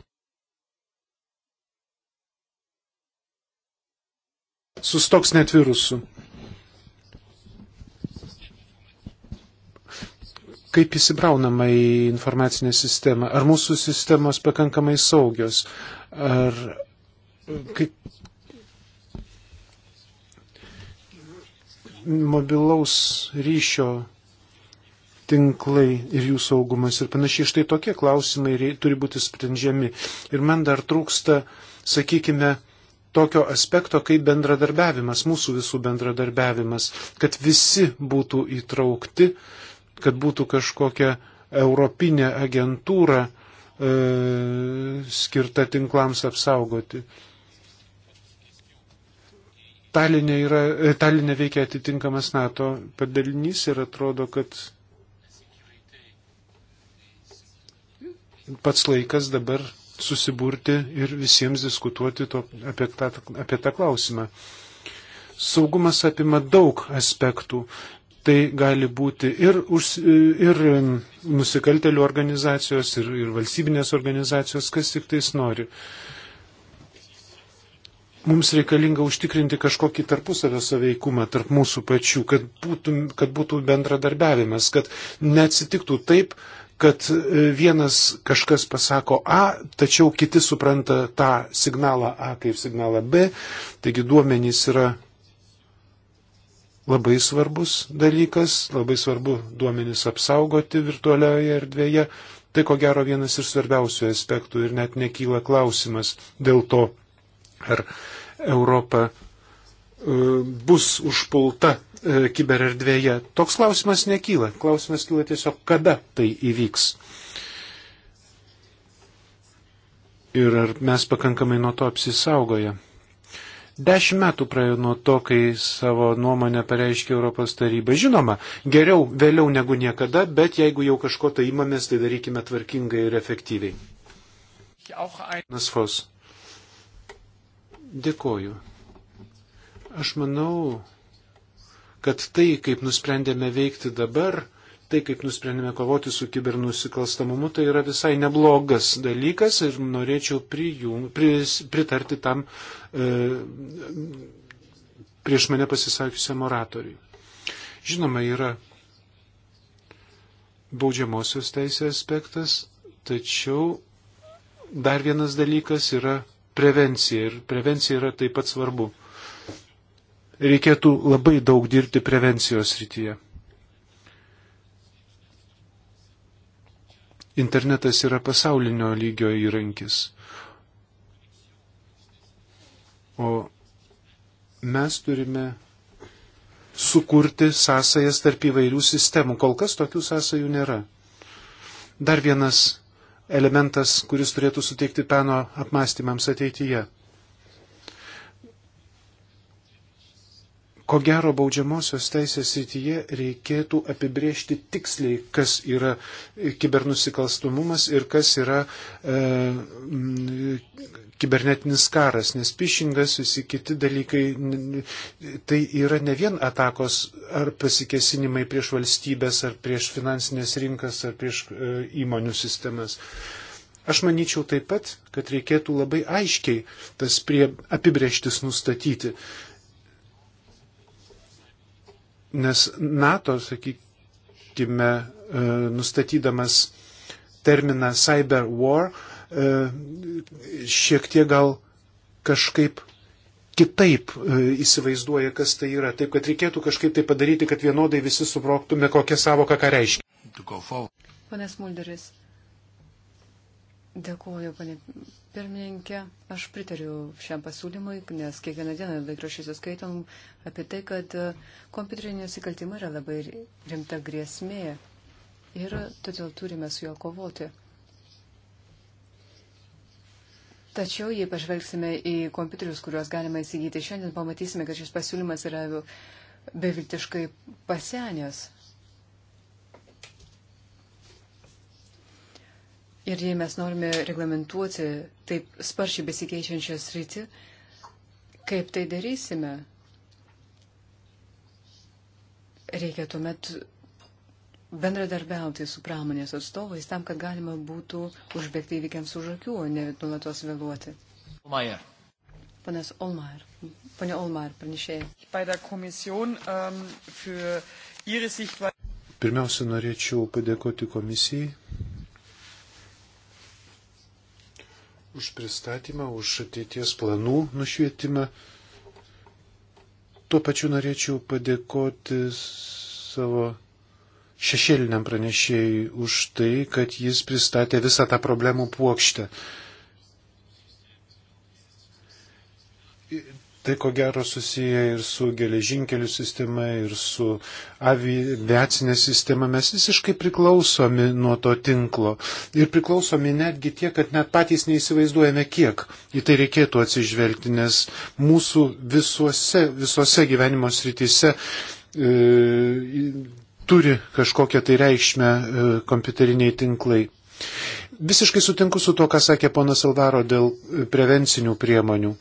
Sustoks net virusų. Kaip įsibraunama į informacinę sistemą? Ar mūsų sistemos pakankamai saugios? Ar kaip mobilaus ryšio tinklai ir jų saugumas ir panašiai. Štai tokie klausimai turi būti sprendžiami. Ir man dar trūksta, sakykime, tokio aspekto kaip bendradarbiavimas, mūsų visų bendradarbiavimas, kad visi būtų įtraukti, kad būtų kažkokia europinė agentūra e, skirta tinklams apsaugoti. Talinė, yra, e, Talinė veikia atitinkamas NATO padalinys ir atrodo, kad pats laikas dabar susiburti ir visiems diskutuoti to, apie, tą, apie tą klausimą. Saugumas apima daug aspektų. Tai gali būti ir, už, ir nusikaltelių organizacijos, ir, ir valstybinės organizacijos, kas tik tais nori. Mums reikalinga užtikrinti kažkokį tarpusavio saveikumą tarp mūsų pačių, kad būtų, kad būtų bendradarbiavimas, kad neatsitiktų taip, kad e, vienas kažkas pasako A, tačiau kiti supranta tą signalą A kaip signalą B. Taigi duomenys yra labai svarbus dalykas, labai svarbu duomenys apsaugoti virtualioje erdvėje. Tai ko gero vienas iš svarbiausių aspektų ir net nekyla klausimas dėl to, ar Europa e, bus užpulta E, kibernerdvėje. Toks klausimas nekyla. Klausimas kyla tiesiog, kada tai įvyks. Ir ar mes pakankamai nuo to apsisaugoja. Dešimt metų praėjo nuo to, kai savo nuomonę pareiškė Europos taryba. Žinoma, geriau vėliau negu niekada, bet jeigu jau kažko tai imamės, tai darykime tvarkingai ir efektyviai. Nasfos. Dėkoju. Aš manau, kad tai, kaip nusprendėme veikti dabar, tai, kaip nusprendėme kovoti su kibernusikalstamumu, tai yra visai neblogas dalykas ir norėčiau prijung, pris, pritarti tam e, prieš mane pasisakiusiam oratoriui. Žinoma, yra baudžiamosios teisės aspektas, tačiau dar vienas dalykas yra prevencija ir prevencija yra taip pat svarbu reikėtų labai daug dirbti prevencijos rytyje. Internetas yra pasaulinio lygio įrankis. O mes turime sukurti sąsajas tarp įvairių sistemų. Kol kas tokių sąsajų nėra. Dar vienas elementas, kuris turėtų suteikti peno apmąstymams ateityje. Ko gero baudžiamosios teisės rytyje reikėtų apibriežti tiksliai, kas yra e, kibernusikalstumumas ir kas yra e, kibernetinis karas, nes pišingas, visi kiti dalykai, tai yra ne vien atakos ar pasikesinimai prieš valstybės, ar prieš finansinės rinkas, ar prieš e, įmonių sistemas. Aš manyčiau taip pat, kad reikėtų labai aiškiai tas prie apibrieštis nustatyti. E, Nes NATO, sakykime, e, nustatydamas terminą cyber war, e, šiek tiek gal kažkaip kitaip e, įsivaizduoja, kas tai yra. Taip, kad reikėtų kažkaip tai padaryti, kad vienodai visi suproktume, kokią savoką ką reiškia. Panas Mulderis. Dėkuoju, panė pirmininkė. Aš pritariu šiam pasiūlymui, nes kiekvieną dieną laikrašysiu skaitom apie tai, kad e, kompiuteriniai nusikaltimai yra labai rimta grėsmė ir todėl turime su juo kovoti. Tačiau, jei pažvelgsime į kompiuterius, kuriuos galima įsigyti šiandien, pamatysime, kad šis pasiūlymas yra beviltiškai pasenęs. Ir jei mes norime reglamentuoti taip sparčiai besikeičiančią sritį, kaip tai darysime? Reikia tuomet bendradarbiauti su pramonės atstovais tam, kad galima būtų užbėgti įvykiams už akių, o ne nulatos vėluoti. Olmaier. Panas Olmaier. Pane Olmaier, pranešėjai. Ähm, Pirmiausia, norėčiau padėkoti komisijai už pristatymą, už ateities planų nušvietimą. Tuo pačiu norėčiau padėkoti savo šešėliniam pranešėjui už tai, kad jis pristatė visą tą problemų puokštę. Uh, Tai ko gero susiję ir su geležinkelių sistema, ir su aviacinė sistema. Mes visiškai priklausomi nuo to tinklo. Ir priklausomi netgi tiek, kad net patys neįsivaizduojame, kiek į tai reikėtų atsižvelgti, nes mūsų visuose, visuose gyvenimo srityse. E, turi kažkokią tai reikšmę e, kompiuteriniai tinklai. Visiškai sutinku su to, ką sakė ponas Alvaro dėl prevencinių priemonių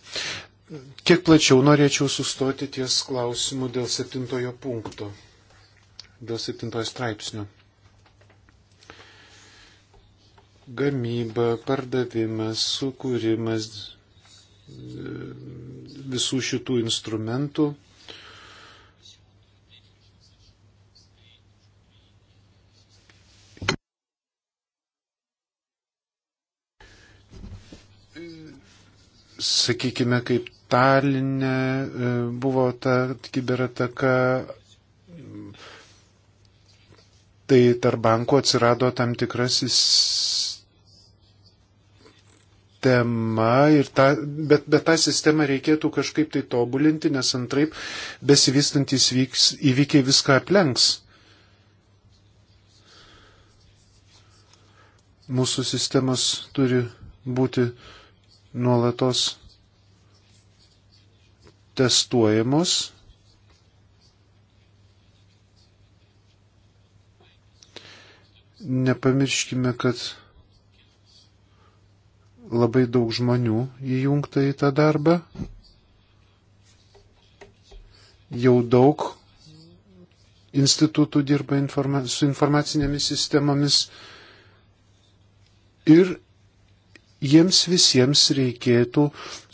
kiek plačiau norėčiau sustoti ties klausimu dėl septintojo punkto, dėl septintojo straipsnio. Gamyba, pardavimas, sukūrimas visų šitų instrumentų sakykime, kaip Talinė e, buvo ta kiberataka. Tai tarp bankų atsirado tam tikras sistema, ta, bet, bet tą sistemą reikėtų kažkaip tai tobulinti, nes antraip besivystantys įvykiai viską aplenks. Mūsų sistemos turi būti nuolatos testuojamos. Nepamirškime, kad labai daug žmonių įjungta į tą darbą. Jau daug institutų dirba informa su informacinėmis sistemomis ir jiems visiems reikėtų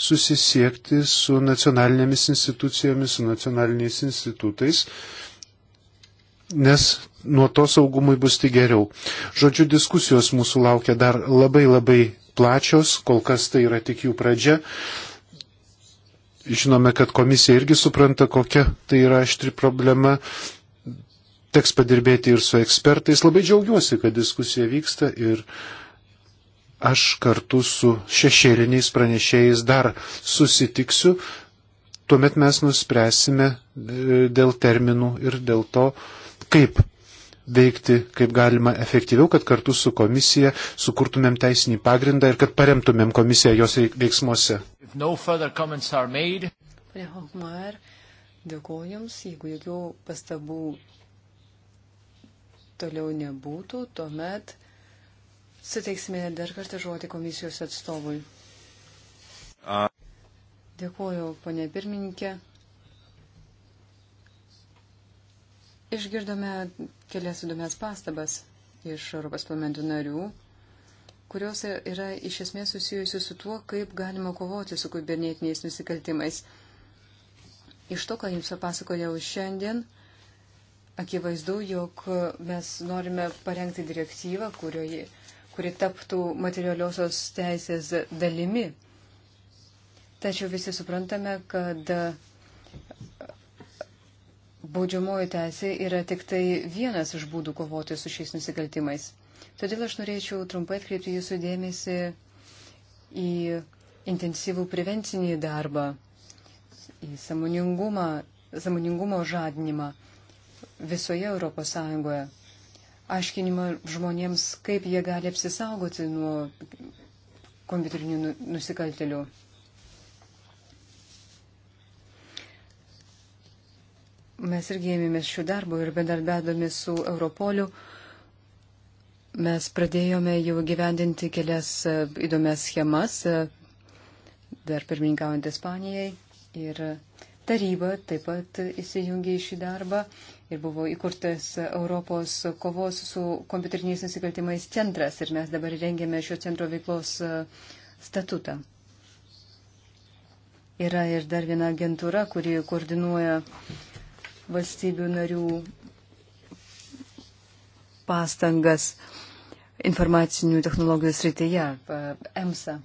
susisiekti su nacionalinėmis institucijomis, su nacionaliniais institutais, nes nuo to saugumui bus tik geriau. Žodžiu, diskusijos mūsų laukia dar labai labai plačios, kol kas tai yra tik jų pradžia. Žinome, kad komisija irgi supranta, kokia tai yra aštri problema. Teks padirbėti ir su ekspertais. Labai džiaugiuosi, kad diskusija vyksta ir uh, Aš kartu su šešėliniais pranešėjais dar susitiksiu, tuomet mes nuspręsime e, dėl terminų ir dėl to, kaip veikti kaip galima efektyviau, kad kartu su komisija sukurtumėm teisinį pagrindą ir kad paremtumėm komisiją jos veiksmuose. No Pane Hochmeier, dėkuoju Jums, jeigu jokių pastabų toliau nebūtų, tuomet Suteiksime dar kartą žodį komisijos atstovui. A. Dėkuoju, ponė pirmininkė. Išgirdome kelias įdomias pastabas iš Europos parlamento narių, kurios yra iš esmės susijusios su tuo, kaip galima kovoti su kubernetiniais nusikaltimais. Iš to, ką jums papasakojau šiandien, akivaizdu, jog mes norime parengti direktyvą, kurioje kuri taptų materialiosios teisės dalimi. Tačiau visi suprantame, kad baudžiamoji teisė yra tik tai vienas iš būdų kovoti su šiais nusikaltimais. Todėl aš norėčiau trumpai atkreipti jūsų dėmesį į intensyvų prevencinį darbą, į samoningumą, samoningumo žadinimą visoje Europos Sąjungoje aiškinimą žmonėms, kaip jie gali apsisaugoti nuo kompiuterinių nu, nusikaltelių. Mes irgi ėmėmės šių darbų ir bendarbiadami su Europoliu. Mes pradėjome jau gyvendinti kelias e, įdomias schemas, e, dar pirmininkaujant Ispanijai. Ir taryba taip pat įsijungė į šį darbą ir buvo įkurtas Europos kovos su kompiuteriniais nusikaltimais centras ir mes dabar rengėme šio centro veiklos e, statutą. Yra ir dar viena agentūra, kuri koordinuoja valstybių narių pastangas informacinių technologijų srityje, EMSA.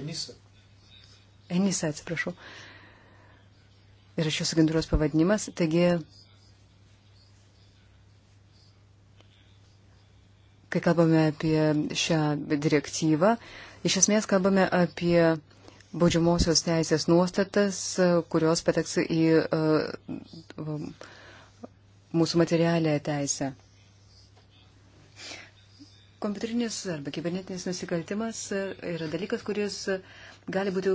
Enisa. Enisa, atsiprašau. Uh, yra šios agentūros pavadinimas. Taigi, kai kalbame apie šią direktyvą, iš esmės kalbame apie baudžiamosios teisės nuostatas, kurios pateks į uh, mūsų materialę teisę. Kompiuterinis arba kibernetinis nusikaltimas yra dalykas, kuris gali būti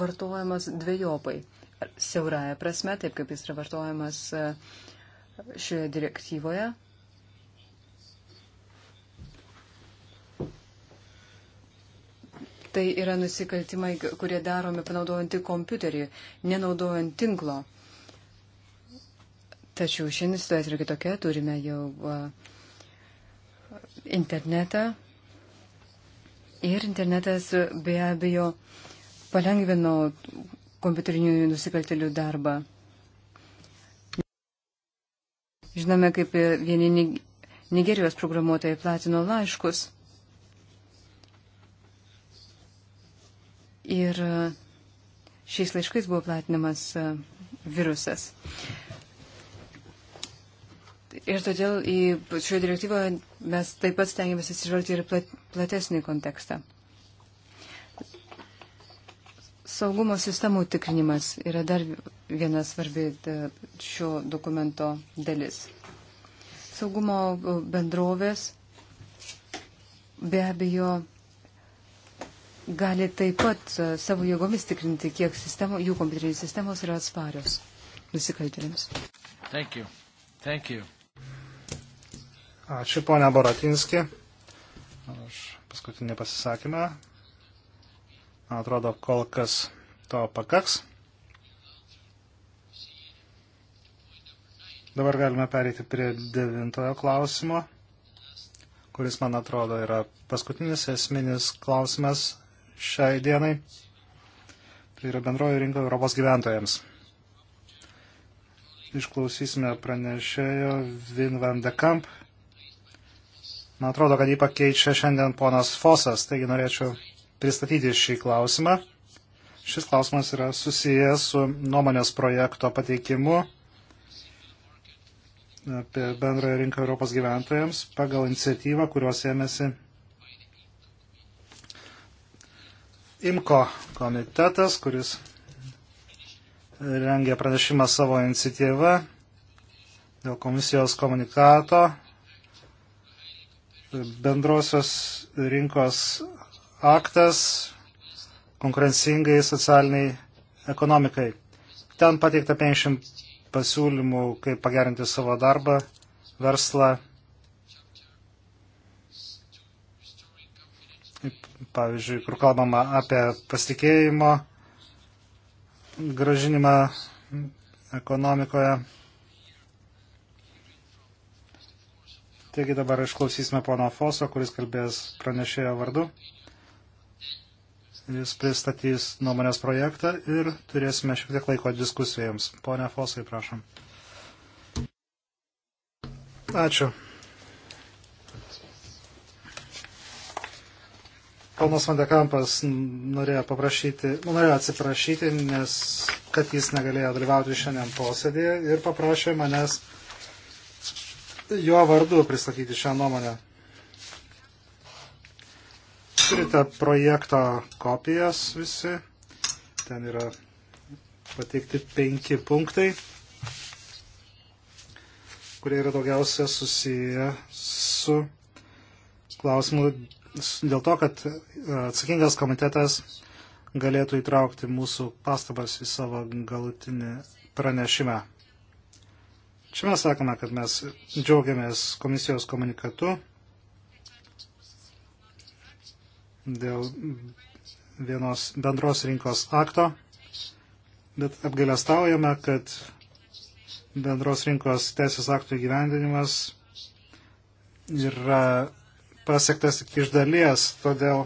vartojamas dviejopai siaurąją prasme, taip kaip jis yra vartojamas e, šioje direktyvoje. Tai yra nusikaltimai, kurie daromi panaudojant tik kompiuterį, nenaudojant tinklo. Tačiau šiandien situacija yra kitokia, turime jau e, internetą. Ir internetas be abejo palengvino kompiuterinių nusikaltelių darbą. Žinome, kaip vieni Nigerijos programuotojai platino laiškus. Ir e, šiais laiškais buvo platinamas e, virusas. Ir todėl į šioje direktyvoje mes taip pat stengiamės atsižvelgti ir platesnį kontekstą. Saugumo sistemų tikrinimas yra dar viena svarbi e, šio dokumento dalis. Saugumo e, bendrovės be abejo gali taip pat e, savo jėgomis tikrinti, kiek sistemo, jų kompiuterinės sistemos yra atsparios nusikaltėliams. Thank you. Thank you. Ačiū, ponia Boratinski, už paskutinį pasisakymą. Man atrodo, kol kas to pakaks. Dabar galime pereiti prie devintojo klausimo, kuris, man atrodo, yra paskutinis esminis klausimas šiai dienai. Tai yra bendroji rinka Europos gyventojams. Išklausysime pranešėjo Vin van de Kamp. Man atrodo, kad jį pakeičia šiandien ponas Fosas, taigi norėčiau pristatyti šį klausimą. Šis klausimas yra susijęs su nuomonės projekto pateikimu apie bendrąją rinką Europos gyventojams pagal iniciatyvą, kurios ėmėsi IMCO komitetas, kuris rengė pranešimą savo iniciatyvą dėl komisijos komunikato bendrosios rinkos aktas konkurencingai socialiniai ekonomikai. Ten pateikta 50 pasiūlymų, kaip pagerinti savo darbą, verslą, pavyzdžiui, kur kalbama apie pasitikėjimo gražinimą ekonomikoje. Taigi dabar išklausysime pono Foso, kuris kalbės pranešėjo vardu. Jis pristatys nuomonės projektą ir turėsime šiek tiek laiko diskusijoms. Pone Fosai, prašom. Ačiū. Kalnas Vandekampas norėjo paprašyti, nu, norėjo atsiprašyti, nes kad jis negalėjo dalyvauti šiandien posėdėje ir paprašė manęs jo vardu pristatyti šią nuomonę. Turite projekto kopijas visi. Ten yra pateikti penki punktai, kurie yra daugiausia susiję su klausimu dėl to, kad e, atsakingas komitetas galėtų įtraukti mūsų pastabas į savo galutinį pranešimą. Čia mes sakome, kad mes džiaugiamės komisijos komunikatu dėl vienos bendros rinkos akto, bet apgailestaujame, kad bendros rinkos teisės aktų įgyvendinimas yra pasiektas tik iš dalies, todėl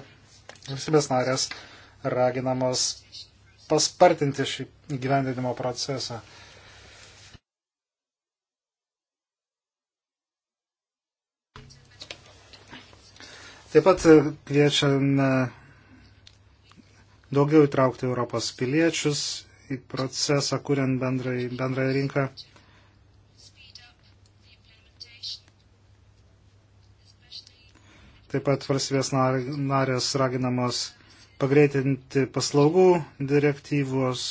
valstybės narės raginamos paspartinti šį įgyvendinimo procesą. Taip pat kviečiame daugiau įtraukti Europos piliečius į procesą, kuriant bendrai, bendrąją rinką. Taip pat valstybės narės raginamos pagreitinti paslaugų direktyvos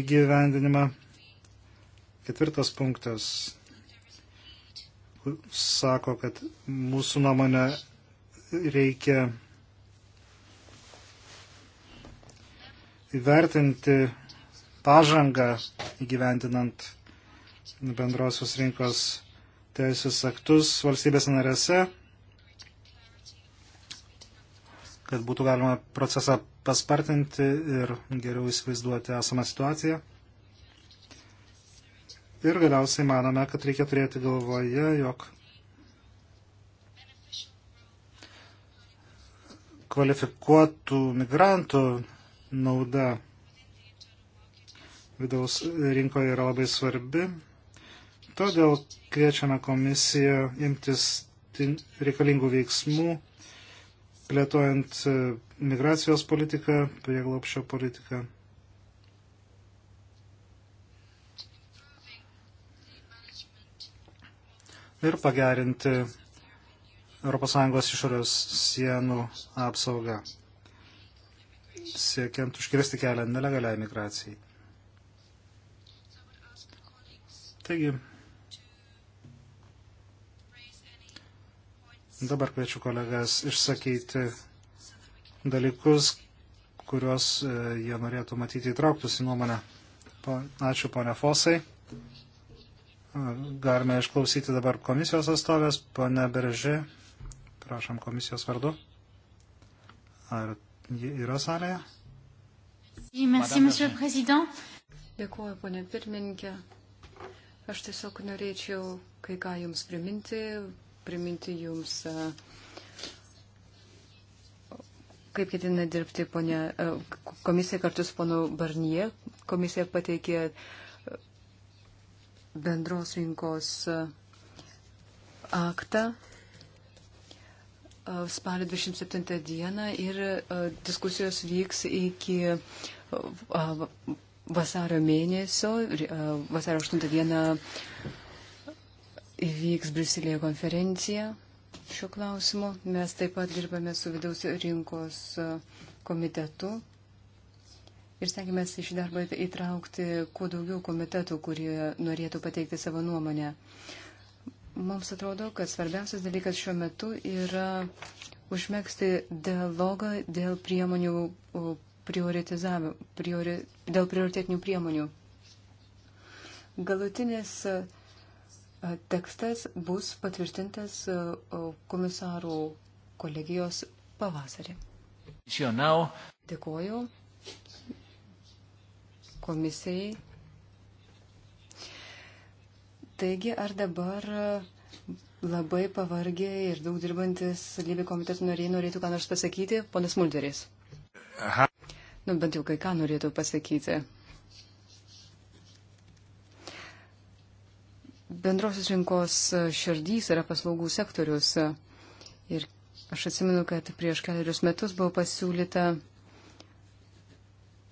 įgyvendinimą. Ketvirtas punktas sako, kad mūsų nuomonę reikia įvertinti pažangą įgyvendinant bendrosios rinkos teisės aktus valstybės narėse, kad būtų galima procesą paspartinti ir geriau įsivaizduoti esamą situaciją. Ir galiausiai manome, kad reikia turėti galvoje, jog kvalifikuotų migrantų nauda vidaus rinkoje yra labai svarbi. Todėl kviečiame komisiją imtis reikalingų veiksmų, plėtojant e, migracijos politiką, prieglopšio politiką. ir pagerinti ES išorės sienų apsaugą, siekiant užkirsti kelią nelegaliai migracijai. Taigi, dabar kviečiu kolegas išsakyti dalykus, kuriuos e, jie norėtų matyti įtrauktus į nuomonę. Ačiū, ponia Fosai. Galime išklausyti dabar komisijos atstovės, pane Beržė. Prašom komisijos vardu. Ar ji yra salėje? Dėkuoju, ponė pirmininkė. Aš tiesiog norėčiau kai ką jums priminti, priminti jums, e, kaip ketina dirbti ponė, e, komisija kartu su ponu Barnie. Komisija pateikė uh, bendros rinkos e, aktą e, spalio 27 dieną ir e, diskusijos vyks iki vasario mėnesio, vasario 8 dieną įvyks Briuselėje konferencija šiuo klausimu. Mes taip pat dirbame su vidaus rinkos komitetu ir stengiamės į šį darbą įtraukti kuo daugiau komitetų, kurie norėtų pateikti savo nuomonę. Mums atrodo, kad svarbiausias dalykas šiuo metu yra užmėgsti dialogą dėl priemonių prioritizavimo, priori, dėl prioritetinių priemonių. Galutinis tekstas bus patvirtintas komisarų kolegijos pavasarį. Dėkuoju komisijai. Taigi, ar dabar labai pavargę ir daug dirbantis lygiai komiteto nariai norėtų ką nors pasakyti? Ponas Mulderis. Aha. Nu, bent jau kai ką norėtų pasakyti. Bendrosios rinkos širdys yra paslaugų sektorius. Ir aš atsimenu, kad prieš keliarius metus buvo pasiūlyta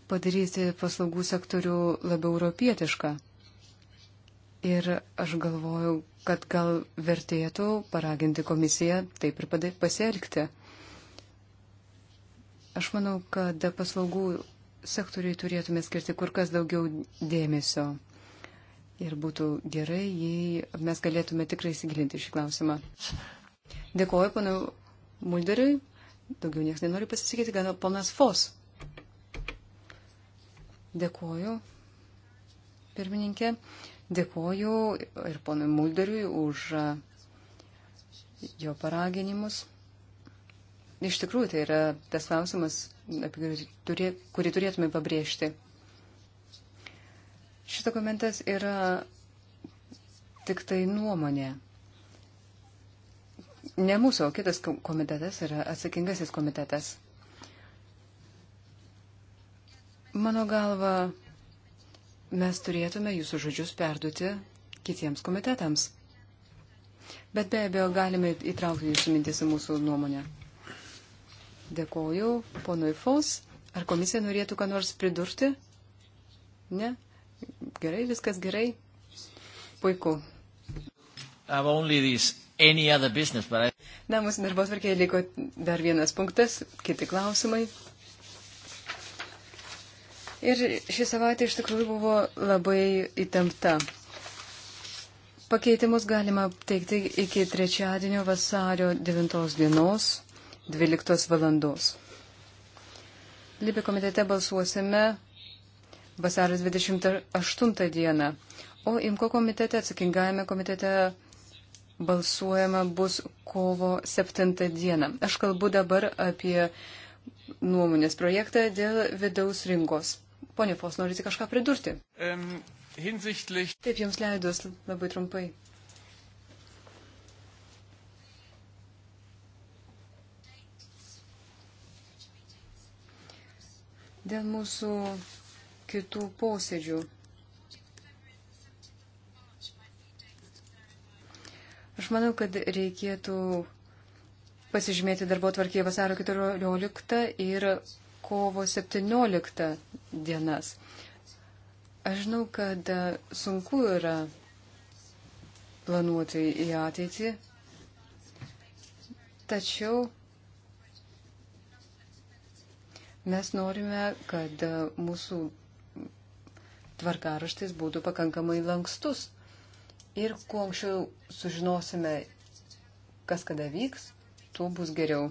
padaryti paslaugų sektorių labiau europietišką. Ir aš galvoju, kad gal vertėtų paraginti komisiją taip ir pasielgti. Aš manau, kad paslaugų sektoriai turėtume skirti kur kas daugiau dėmesio. Ir būtų gerai, jei mes galėtume tikrai įsigilinti šį klausimą. Dėkuoju, panau Mulderiui. Daugiau niekas nenori pasisakyti, gal ponas Fos. Dėkoju, pirmininkė. Dėkoju ir ponui Mulderiui už jo paraginimus. Iš tikrųjų, tai yra tas klausimas, apie kurį, kurį turėtume pabrėžti. Šis dokumentas yra tik tai nuomonė. Ne mūsų, o kitas komitetas yra atsakingasis komitetas. Mano galva, mes turėtume jūsų žodžius perduoti kitiems komitetams. Bet be abejo, galime įtraukti jūsų mintis į mūsų nuomonę. Dėkoju, ponui Fos. Ar komisija norėtų ką nors pridurti? Ne? Gerai, viskas gerai. Puiku. Business, I... Na, mūsų darbo tvarkėje liko dar vienas punktas, kiti klausimai. Ir ši savaitė iš tikrųjų buvo labai įtempta. Pakeitimus galima teikti iki trečiadienio vasario 9 dienos 12 valandos. Libė komitete balsuosime vasario 28 dieną, o Imko komitete, atsakingajame komitete balsuojama bus kovo 7 dieną. Aš kalbu dabar apie nuomonės projektą dėl vidaus rinkos. Pone Fos, norite kažką pridurti? Um, hinsichtlich... Taip jums leidus labai trumpai. Dėl mūsų kitų posėdžių. Aš manau, kad reikėtų pasižymėti darbo tvarkėje vasaro 14 ir kovo 17 dienas. Aš žinau, kad e, sunku yra planuoti į ateitį, tačiau mes norime, kad e, mūsų tvarkaraštis būtų pakankamai lankstus. Ir kuo anksčiau sužinosime, kas kada vyks, tuo bus geriau.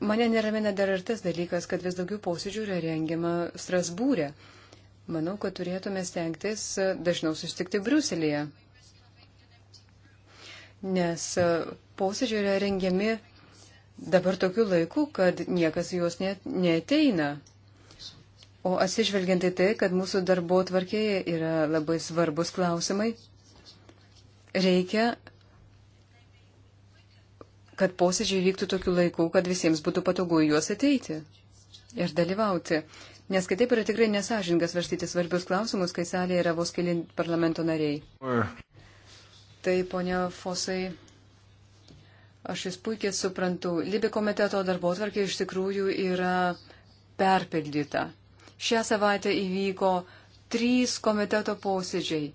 Mane neramina dar ir tas dalykas, kad vis daugiau posėdžių yra rengiama Strasbūrė. Manau, kad turėtume stengtis e, dažniau susitikti Briuselėje. Nes e, posėdžiai yra rengiami dabar tokiu laiku, kad niekas juos net neteina. O atsižvelgiant į tai, kad mūsų darbo tvarkėje yra labai svarbus klausimai, reikia kad posėdžiai vyktų tokiu laiku, kad visiems būtų patogu į juos ateiti ir dalyvauti. Nes kitaip yra tikrai nesažingas varstyti svarbius klausimus, kai salėje yra vos keli parlamento nariai. Or. Tai, ponia Fosai, aš jūs puikiai suprantu. Libi komiteto darbo tvarkė iš tikrųjų yra perpildyta. Šią savaitę įvyko trys komiteto posėdžiai.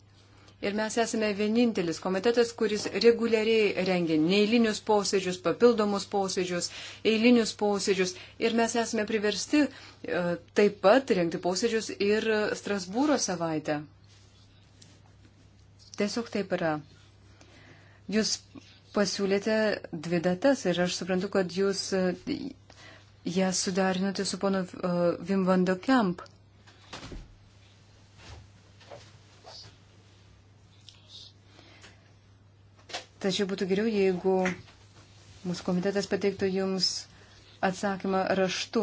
Ir mes esame vienintelis komitetas, kuris reguliariai rengia neįlinius posėdžius, papildomus posėdžius, eilinius posėdžius. Ir mes esame priversti e, taip pat rengti posėdžius ir Strasbūro savaitę. Tiesiog taip yra. Jūs pasiūlėte dvi datas ir aš suprantu, kad jūs e, jas sudarinote su ponu Vimvando e, Kemp. Uh, Tačiau būtų geriau, jeigu mūsų komitetas pateiktų jums atsakymą raštu.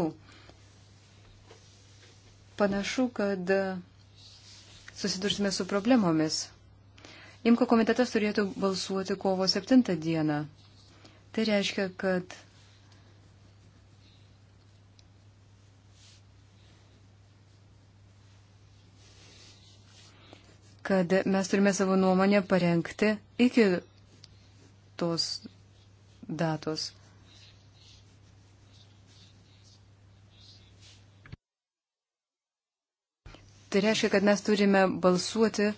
Panašu, kad susidursime su problemomis. Imko komitetas turėtų balsuoti kovo 7 dieną. Tai reiškia, kad kad mes turime savo nuomonę parengti iki tos datos. Tai reiškia, kad mes turime balsuoti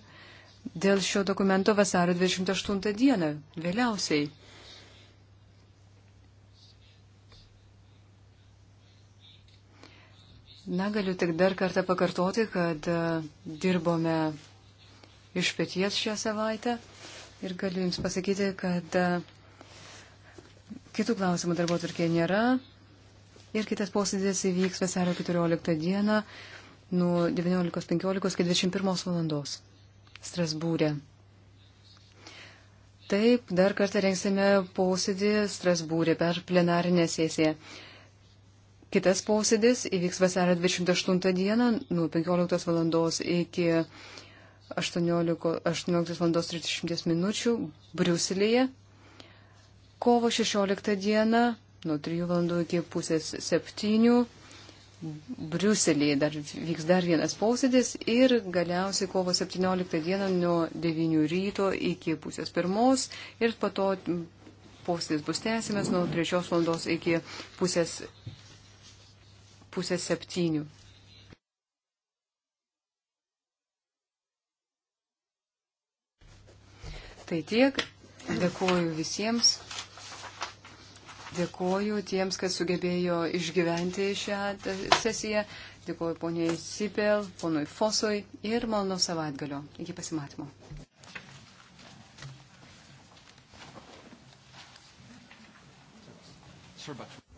dėl šio dokumento vasario 28 dieną, vėliausiai. Na, galiu tik dar kartą pakartoti, kad e, dirbome iš pėties šią savaitę. Ir galiu Jums pasakyti, kad e, kitų klausimų darbo tvarkė nėra. Ir kitas posėdis įvyks vasario 14 dieną nuo 19.15 iki 21 valandos Strasbūrė. Taip, dar kartą rengsime posėdį Strasbūrė per plenarinę sesiją. Kitas posėdis įvyks vasario 28 dieną nuo 15 valandos iki 18 val. 30 minučių Briuselėje kovo 16 dieną nuo 3 val. iki pusės 7 Briuselėje dar vyks dar vienas posėdis ir galiausiai kovo 17 dieną nuo 9 ryto iki pusės pirmos ir po to posėdis bus tęsiamas nuo 3 val. iki pusės, pusės 7. Tai tiek. Dėkuoju visiems. Dėkuoju tiems, kas sugebėjo išgyventi šią sesiją. Dėkuoju poniai Sipel, ponui Fosui ir malno savaitgalio. Iki pasimatymo. Sure, but...